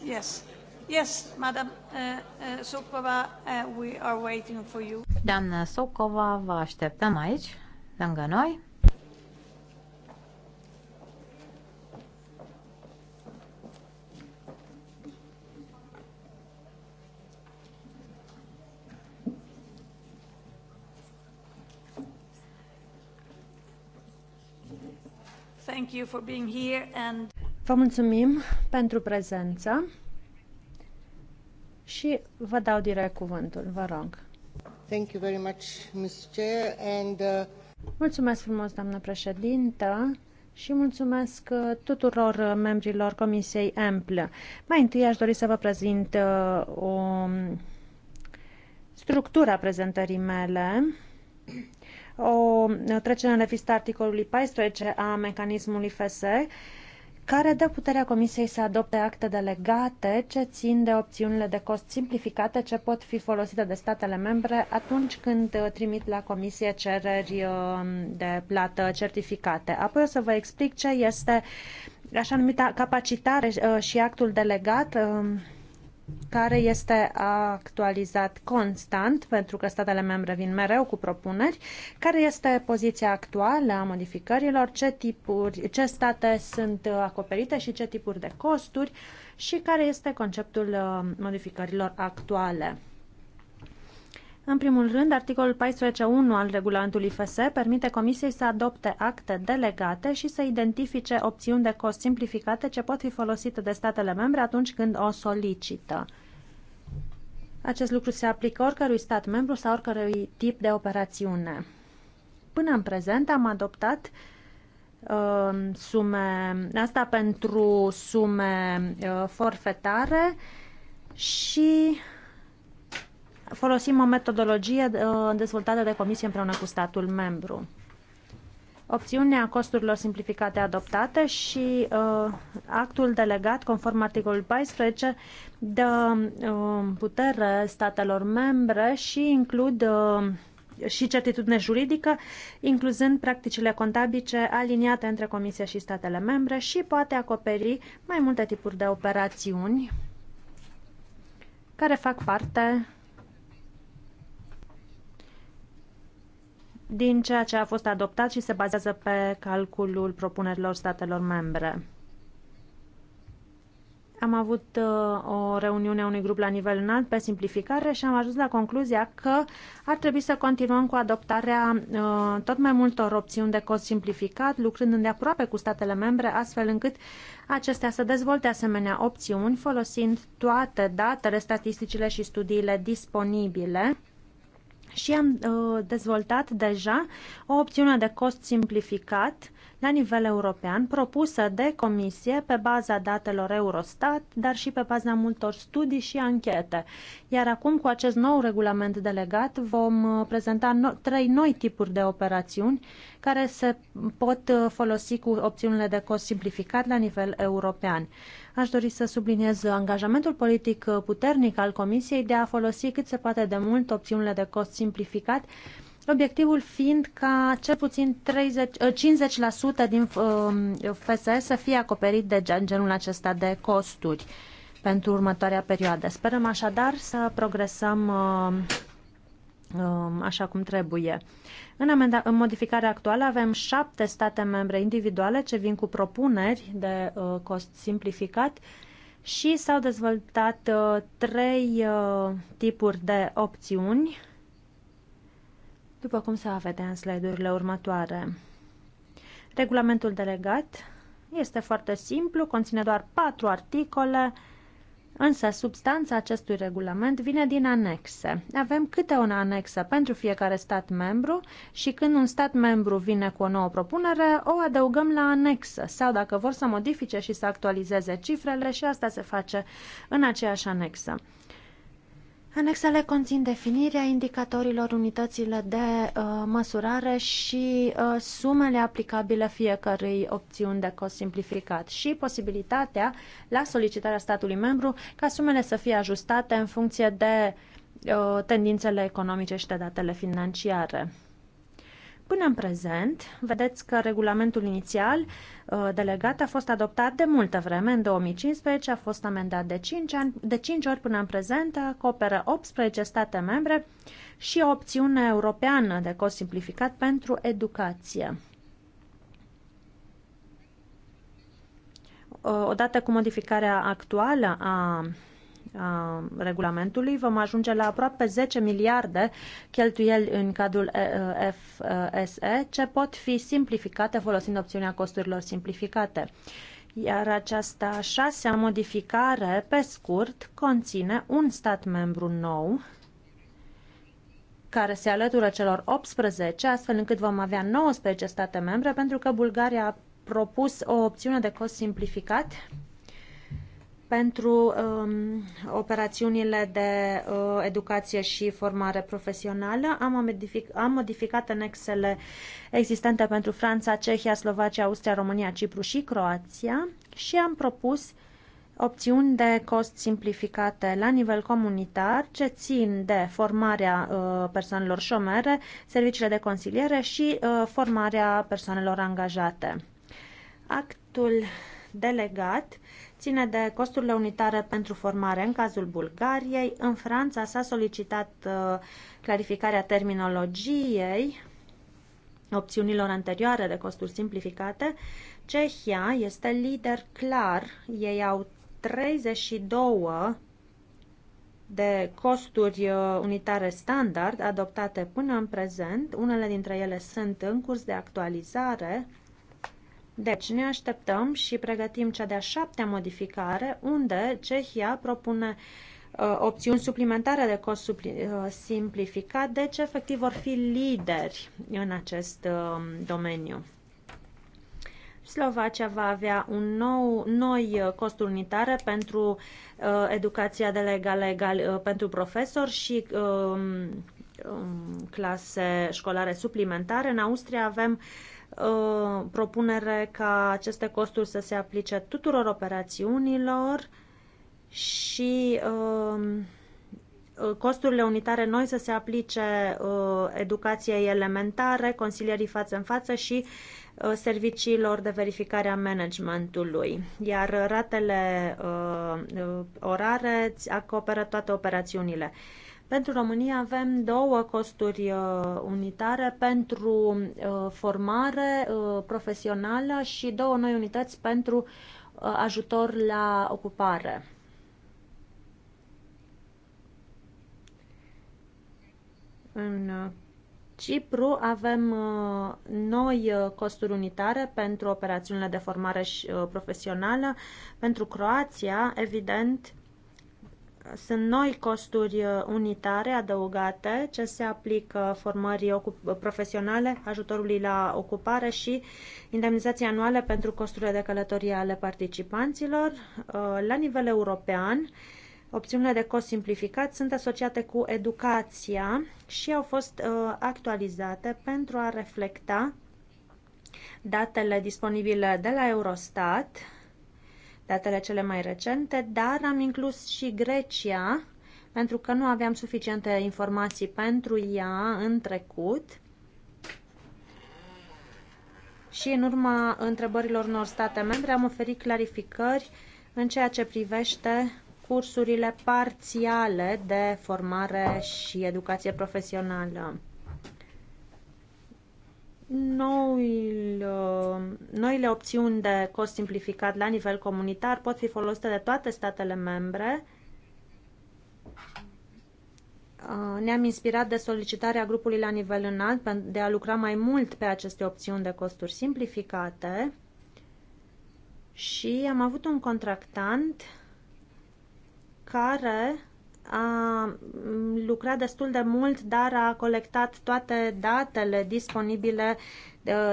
Yes. Yes, madam uh, uh, Sokova, uh, we are waiting for you. Doamna Sokova, vă așteptăm aici, lângă noi. Thank you for being here and... Vă mulțumim pentru prezență și vă dau direct cuvântul, vă rog. Thank you very much, Ms. Chair, and, uh... Mulțumesc frumos, doamnă președintă și mulțumesc uh, tuturor membrilor Comisiei ample. Mai întâi aș dori să vă prezint uh, o structură a prezentării mele o trecere în revistă articolului 14 a mecanismului FSE, care dă puterea Comisiei să adopte acte delegate ce țin de opțiunile de cost simplificate ce pot fi folosite de statele membre atunci când uh, trimit la Comisie cereri uh, de plată certificate. Apoi o să vă explic ce este așa numita capacitare uh, și actul delegat care este actualizat constant, pentru că statele membre vin mereu cu propuneri. Care este poziția actuală a modificărilor? Ce, tipuri, ce state sunt acoperite și ce tipuri de costuri? Și care este conceptul uh, modificărilor actuale? În primul rând, articolul 14.1 al regulamentului FSE permite Comisiei să adopte acte delegate și să identifice opțiuni de cost simplificate ce pot fi folosite de statele membre atunci când o solicită. Acest lucru se aplică oricărui stat membru sau oricărui tip de operațiune. Până în prezent am adoptat uh, sume, asta pentru sume uh, forfetare și folosim o metodologie uh, dezvoltată de Comisie împreună cu statul membru. Opțiunea costurilor simplificate adoptate și uh, actul delegat, conform articolul 14, dă uh, putere statelor membre și includ uh, și certitudine juridică, incluzând practicile contabice aliniate între Comisia și statele membre și poate acoperi mai multe tipuri de operațiuni care fac parte din ceea ce a fost adoptat și se bazează pe calculul propunerilor statelor membre. Am avut uh, o reuniune a unui grup la nivel înalt pe simplificare și am ajuns la concluzia că ar trebui să continuăm cu adoptarea uh, tot mai multor opțiuni de cost simplificat, lucrând îndeaproape cu statele membre, astfel încât acestea să dezvolte asemenea opțiuni, folosind toate datele, statisticile și studiile disponibile și am uh, dezvoltat deja o opțiune de cost simplificat la nivel european propusă de Comisie pe baza datelor Eurostat, dar și pe baza multor studii și anchete. Iar acum, cu acest nou regulament delegat, vom uh, prezenta no trei noi tipuri de operațiuni care se pot uh, folosi cu opțiunile de cost simplificat la nivel european. Aș dori să subliniez angajamentul politic uh, puternic al Comisiei de a folosi cât se poate de mult opțiunile de cost simplificat obiectivul fiind ca cel puțin 30, 50% ă, din ă, FSS să fie acoperit de genul acesta de costuri pentru următoarea perioadă. Sperăm așadar să progresăm ă, așa cum trebuie. În, amenda- în modificarea actuală avem șapte state membre individuale ce vin cu propuneri de cost simplificat și s-au dezvoltat trei tipuri de opțiuni după cum se va vedea în slide-urile următoare. Regulamentul delegat este foarte simplu, conține doar patru articole, însă substanța acestui regulament vine din anexe. Avem câte o anexă pentru fiecare stat membru și când un stat membru vine cu o nouă propunere, o adăugăm la anexă sau dacă vor să modifice și să actualizeze cifrele și asta se face în aceeași anexă. Anexele conțin definirea indicatorilor unitățile de uh, măsurare și uh, sumele aplicabile fiecărei opțiuni de cost simplificat și posibilitatea, la solicitarea statului membru, ca sumele să fie ajustate în funcție de uh, tendințele economice și de datele financiare. Până în prezent, vedeți că regulamentul inițial uh, delegat a fost adoptat de multă vreme, în 2015, a fost amendat de 5, ani, de 5 ori până în prezent, acoperă 18 state membre și o opțiune europeană de cost simplificat pentru educație. Uh, odată cu modificarea actuală a regulamentului vom ajunge la aproape 10 miliarde cheltuieli în cadrul FSE, ce pot fi simplificate folosind opțiunea costurilor simplificate. Iar această a șasea modificare, pe scurt, conține un stat membru nou, care se alătură celor 18, astfel încât vom avea 19 state membre, pentru că Bulgaria a propus o opțiune de cost simplificat pentru um, operațiunile de uh, educație și formare profesională. Am, modificat, am modificat anexele existente pentru Franța, Cehia, Slovacia, Austria, România, Cipru și Croația și am propus opțiuni de cost simplificate la nivel comunitar ce țin de formarea uh, persoanelor șomere, serviciile de consiliere și uh, formarea persoanelor angajate. Actul delegat ține de costurile unitare pentru formare în cazul Bulgariei. În Franța s-a solicitat uh, clarificarea terminologiei opțiunilor anterioare de costuri simplificate. Cehia este lider clar. Ei au 32 de costuri uh, unitare standard adoptate până în prezent. Unele dintre ele sunt în curs de actualizare. Deci ne așteptăm și pregătim cea de-a șaptea modificare, unde Cehia propune uh, opțiuni suplimentare de cost supli, uh, simplificat, deci efectiv vor fi lideri în acest uh, domeniu. Slovacia va avea un nou, noi cost unitare pentru uh, educația de legal, legal uh, pentru profesori și uh, um, clase școlare suplimentare. În Austria avem uh, Uh, propunere ca aceste costuri să se aplice tuturor operațiunilor și uh, uh, costurile unitare noi să se aplice educației elementare, consilierii față în față și serviciilor de verificare a managementului. Iar ratele orare acoperă toate operațiunile. Pentru România avem două costuri uh, unitare pentru uh, formare uh, profesională și două noi unități pentru ajutor la ocupare. În Cipru avem noi costuri unitare pentru operațiunile de formare profesională. Pentru Croația, evident, sunt noi costuri uh, unitare adăugate ce se aplică formării profesionale, ajutorului la ocupare și indemnizații anuale pentru costurile de călătorie ale participanților. Uh, la nivel european, opțiunile de cost simplificat sunt asociate cu educația și au fost uh, actualizate pentru a reflecta datele disponibile de la Eurostat datele cele mai recente, dar am inclus și Grecia, pentru că nu aveam suficiente informații pentru ea în trecut. Și în urma întrebărilor unor state membre am oferit clarificări în ceea ce privește cursurile parțiale de formare și educație profesională noile, uh, noile opțiuni de cost simplificat la nivel comunitar pot fi folosite de toate statele membre. Uh, ne-am inspirat de solicitarea grupului la nivel înalt de a lucra mai mult pe aceste opțiuni de costuri simplificate și am avut un contractant care a mm, lucrat destul de mult, dar a colectat toate datele disponibile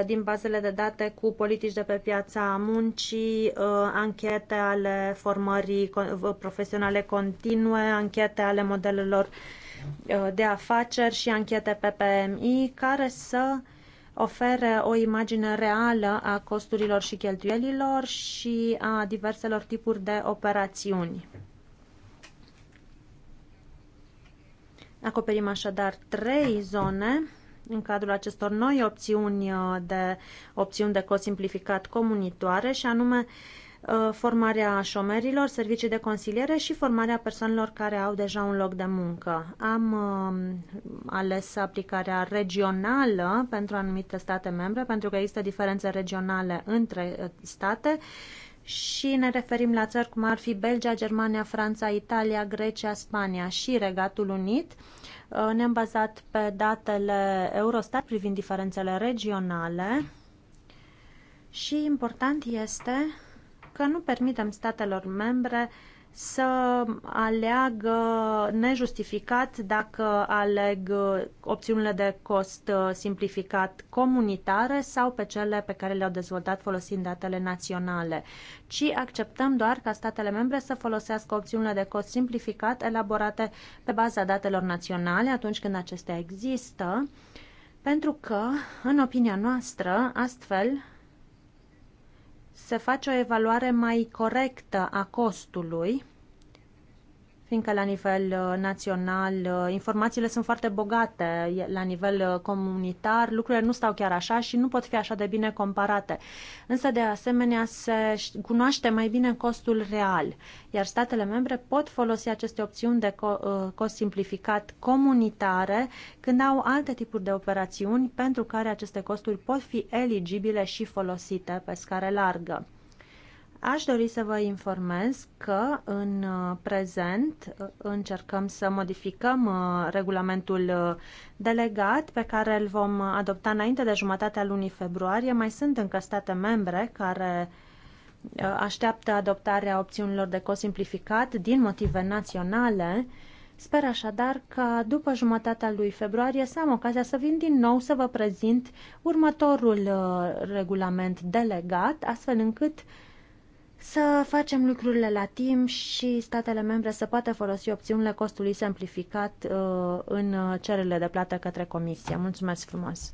din bazele de date cu politici de pe piața muncii, ă, anchete ale formării ă, profesionale continue, anchete ale modelelor ă, de afaceri și anchete PPMI care să ofere o imagine reală a costurilor și cheltuielilor și a diverselor tipuri de operațiuni. Acoperim așadar trei zone în cadrul acestor noi opțiuni uh, de, opțiuni de cost simplificat comunitoare și anume uh, formarea șomerilor, servicii de consiliere și formarea persoanelor care au deja un loc de muncă. Am uh, ales aplicarea regională pentru anumite state membre, pentru că există diferențe regionale între state și ne referim la țări cum ar fi Belgia, Germania, Franța, Italia, Grecia, Spania și Regatul Unit. Uh, ne-am bazat pe datele Eurostat privind diferențele regionale și important este că nu permitem statelor membre uh, să aleagă nejustificat dacă aleg uh, opțiunile de cost uh, simplificat comunitare sau pe cele pe care le-au dezvoltat folosind datele naționale, ci acceptăm doar ca statele membre să folosească opțiunile de cost simplificat elaborate pe baza datelor naționale atunci când acestea există, pentru că, în opinia noastră, astfel se face o evaluare mai corectă a costului fiindcă la nivel uh, național uh, informațiile sunt foarte bogate, la nivel uh, comunitar lucrurile nu stau chiar așa și nu pot fi așa de bine comparate. Însă, de asemenea, se cunoaște mai bine costul real, iar statele membre pot folosi aceste opțiuni de cost simplificat comunitare când au alte tipuri de operațiuni pentru care aceste costuri pot fi eligibile și folosite pe scară largă. Aș dori să vă informez că în uh, prezent uh, încercăm să modificăm uh, regulamentul delegat pe care îl vom adopta înainte de jumătatea lunii februarie. Mai sunt încă state membre care așteaptă adoptarea opțiunilor de co-simplificat din motive naționale. Sper așadar că după jumătatea lui februarie să am ocazia să vin din nou să vă prezint următorul regulament delegat, astfel încât să facem lucrurile la timp și statele membre să poată folosi opțiunile costului simplificat uh, în cererile de plată către Comisie. Mulțumesc frumos!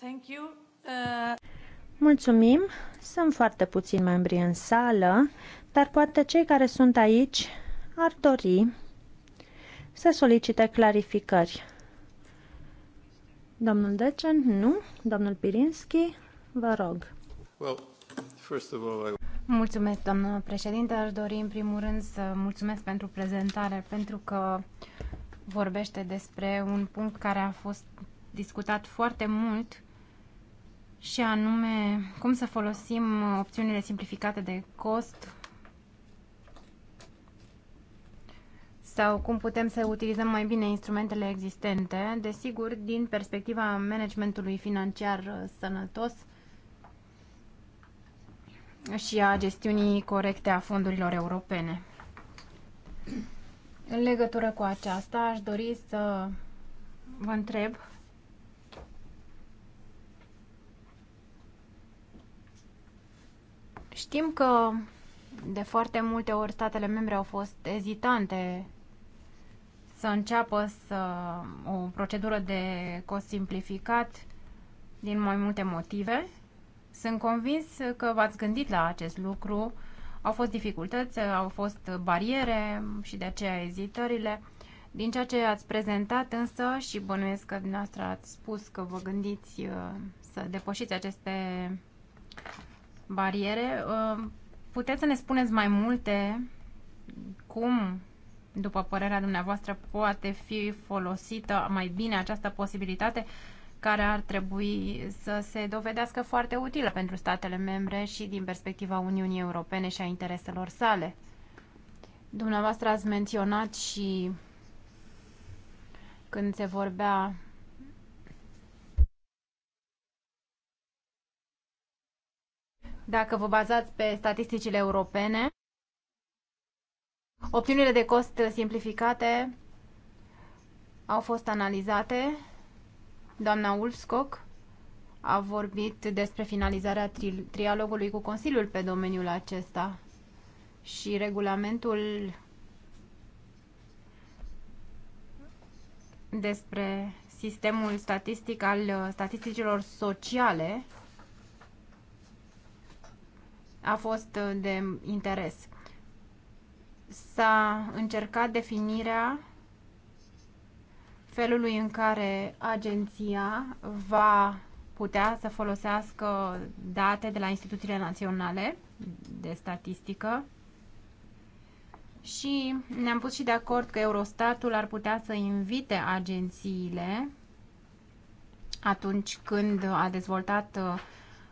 Thank you. Uh... Mulțumim! Sunt foarte puțini membri în sală, dar poate cei care sunt aici ar dori să solicite clarificări. Domnul Decen, nu. Domnul Pirinski, vă rog. Well, Mulțumesc, doamnă președinte. Aș dori, în primul rând, să mulțumesc pentru prezentare, pentru că vorbește despre un punct care a fost discutat foarte mult și anume cum să folosim opțiunile simplificate de cost sau cum putem să utilizăm mai bine instrumentele existente. Desigur, din perspectiva managementului financiar sănătos, și a gestiunii corecte a fondurilor europene. În legătură cu aceasta, aș dori să vă întreb Știm că de foarte multe ori statele membre au fost ezitante să înceapă să, o procedură de cost simplificat din mai multe motive sunt convins că v-ați gândit la acest lucru. Au fost dificultăți, au fost bariere și de aceea ezitările. Din ceea ce ați prezentat însă și bănuiesc că dumneavoastră ați spus că vă gândiți uh, să depășiți aceste bariere, uh, puteți să ne spuneți mai multe cum, după părerea dumneavoastră, poate fi folosită mai bine această posibilitate care ar trebui să se dovedească foarte utilă pentru statele membre și din perspectiva Uniunii Europene și a intereselor sale. Dumneavoastră ați menționat și când se vorbea dacă vă bazați pe statisticile europene, opțiunile de cost simplificate au fost analizate Doamna Ulfscock a vorbit despre finalizarea tri trialogului cu Consiliul pe domeniul acesta și regulamentul despre sistemul statistic al uh, statisticilor sociale a fost uh, de interes. S-a încercat definirea felului în care agenția va putea să folosească date de la instituțiile naționale de statistică și ne-am pus și de acord că Eurostatul ar putea să invite agențiile atunci când a dezvoltat uh,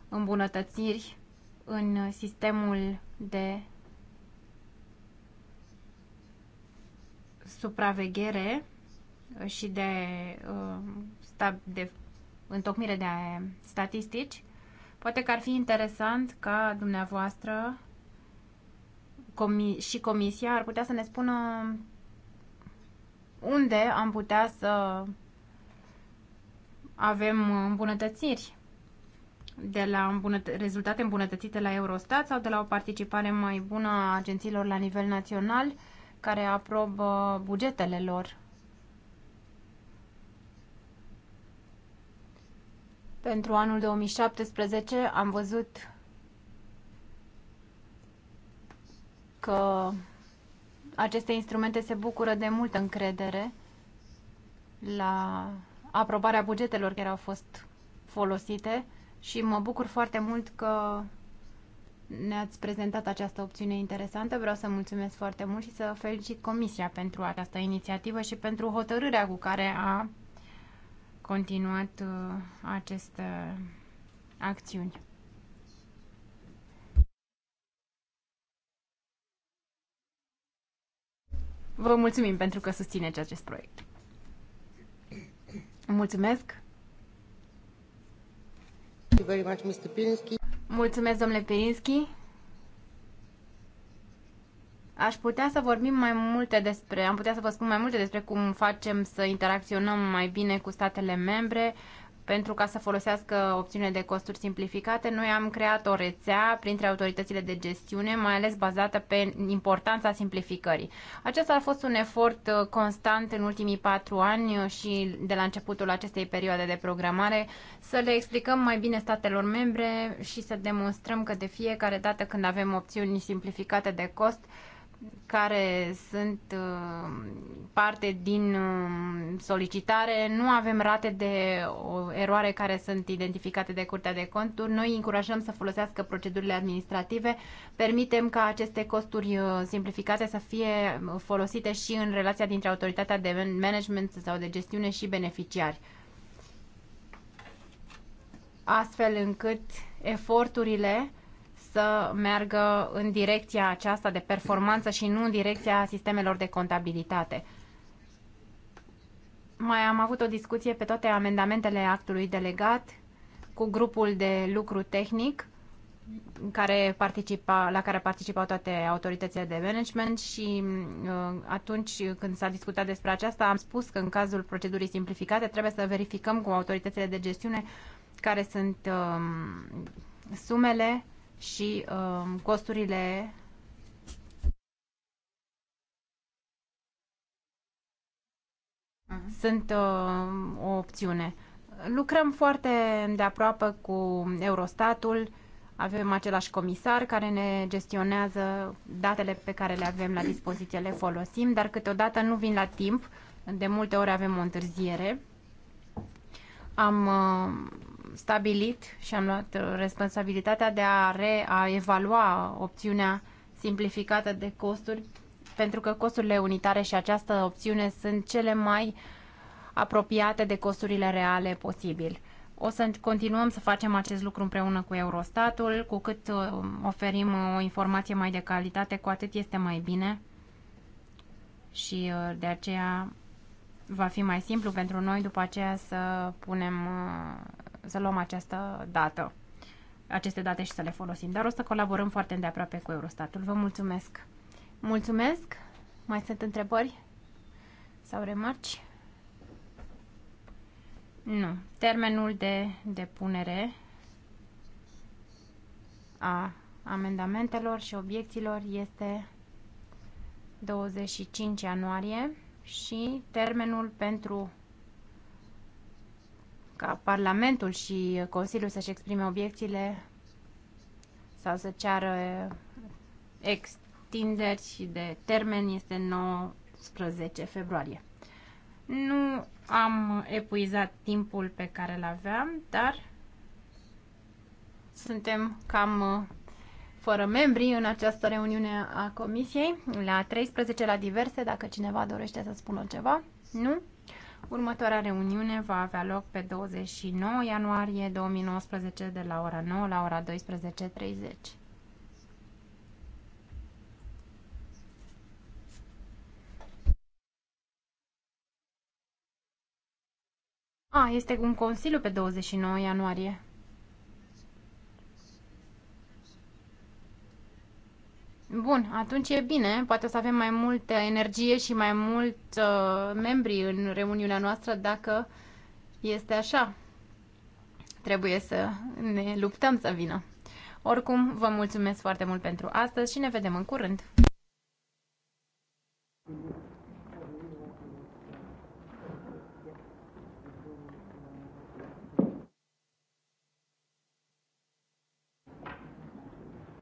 îmbunătățiri în sistemul de supraveghere și de, uh, de întocmire de statistici, poate că ar fi interesant ca dumneavoastră comi și comisia ar putea să ne spună unde am putea să avem îmbunătățiri de la îmbunăt- rezultate îmbunătățite la Eurostat sau de la o participare mai bună a agențiilor la nivel național care aprobă bugetele lor pentru anul 2017 am văzut că aceste instrumente se bucură de multă încredere la aprobarea bugetelor care au fost folosite și mă bucur foarte mult că ne-ați prezentat această opțiune interesantă. Vreau să mulțumesc foarte mult și să felicit Comisia pentru această inițiativă și pentru hotărârea cu care a continuat uh, aceste acțiuni. Vă mulțumim pentru că susțineți acest proiect. Mulțumesc! Mulțumesc, domnule Pirinski. Aș putea să vorbim mai multe despre, am putea să vă spun mai multe despre cum facem să interacționăm mai bine cu statele membre pentru ca să folosească opțiunile de costuri simplificate. Noi am creat o rețea printre autoritățile de gestiune, mai ales bazată pe importanța simplificării. Acesta a fost un efort uh, constant în ultimii patru ani uh, și de la începutul acestei perioade de programare să le explicăm mai bine statelor membre și să demonstrăm că de fiecare dată când avem opțiuni simplificate de cost, care sunt uh, parte din uh, solicitare, nu avem rate de eroare care sunt identificate de Curtea de Conturi. Noi încurajăm să folosească procedurile administrative, permitem ca aceste costuri uh, simplificate să fie folosite și în relația dintre autoritatea de management sau de gestiune și beneficiari. Astfel încât eforturile să meargă în direcția aceasta de performanță și nu în direcția sistemelor de contabilitate. Mai am avut o discuție pe toate amendamentele actului delegat cu grupul de lucru tehnic care participa, la care participau toate autoritățile de management și uh, atunci când s-a discutat despre aceasta am spus că în cazul procedurii simplificate trebuie să verificăm cu autoritățile de gestiune care sunt um, sumele și um, costurile sunt uh, o opțiune. Lucrăm foarte de aproape cu Eurostatul, avem același comisar care ne gestionează datele pe care le avem la dispoziție, le folosim, dar câteodată nu vin la timp, de multe ori avem o întârziere. Am uh, stabilit și am luat uh, responsabilitatea de a, reevalua a evalua opțiunea simplificată de costuri, pentru că costurile unitare și această opțiune sunt cele mai apropiate de costurile reale posibil. O să continuăm să facem acest lucru împreună cu Eurostatul. Cu cât uh, oferim uh, o informație mai de calitate, cu atât este mai bine. Și de aceea va fi mai simplu pentru noi după aceea să punem să luăm această dată, aceste date și să le folosim. Dar o să colaborăm foarte îndeaproape cu Eurostatul. Vă mulțumesc! Mulțumesc! Mai sunt întrebări sau remarci? Nu. Termenul de depunere a amendamentelor și obiecțiilor este 25 ianuarie și termenul pentru ca Parlamentul și Consiliul să-și exprime obiecțiile sau să ceară extinderi și de termen este 19 februarie. Nu am epuizat timpul pe care îl aveam, dar suntem cam uh, fără membri în această reuniune a comisiei. La 13 la diverse, dacă cineva dorește să spună ceva. Nu? Următoarea reuniune va avea loc pe 29 ianuarie 2019 de la ora 9 la ora 12.30. A, este un consiliu pe 29 ianuarie. Bun, atunci e bine, poate o să avem mai multă energie și mai mult uh, membri în reuniunea noastră dacă este așa. Trebuie să ne luptăm să vină. Oricum, vă mulțumesc foarte mult pentru astăzi și ne vedem în curând.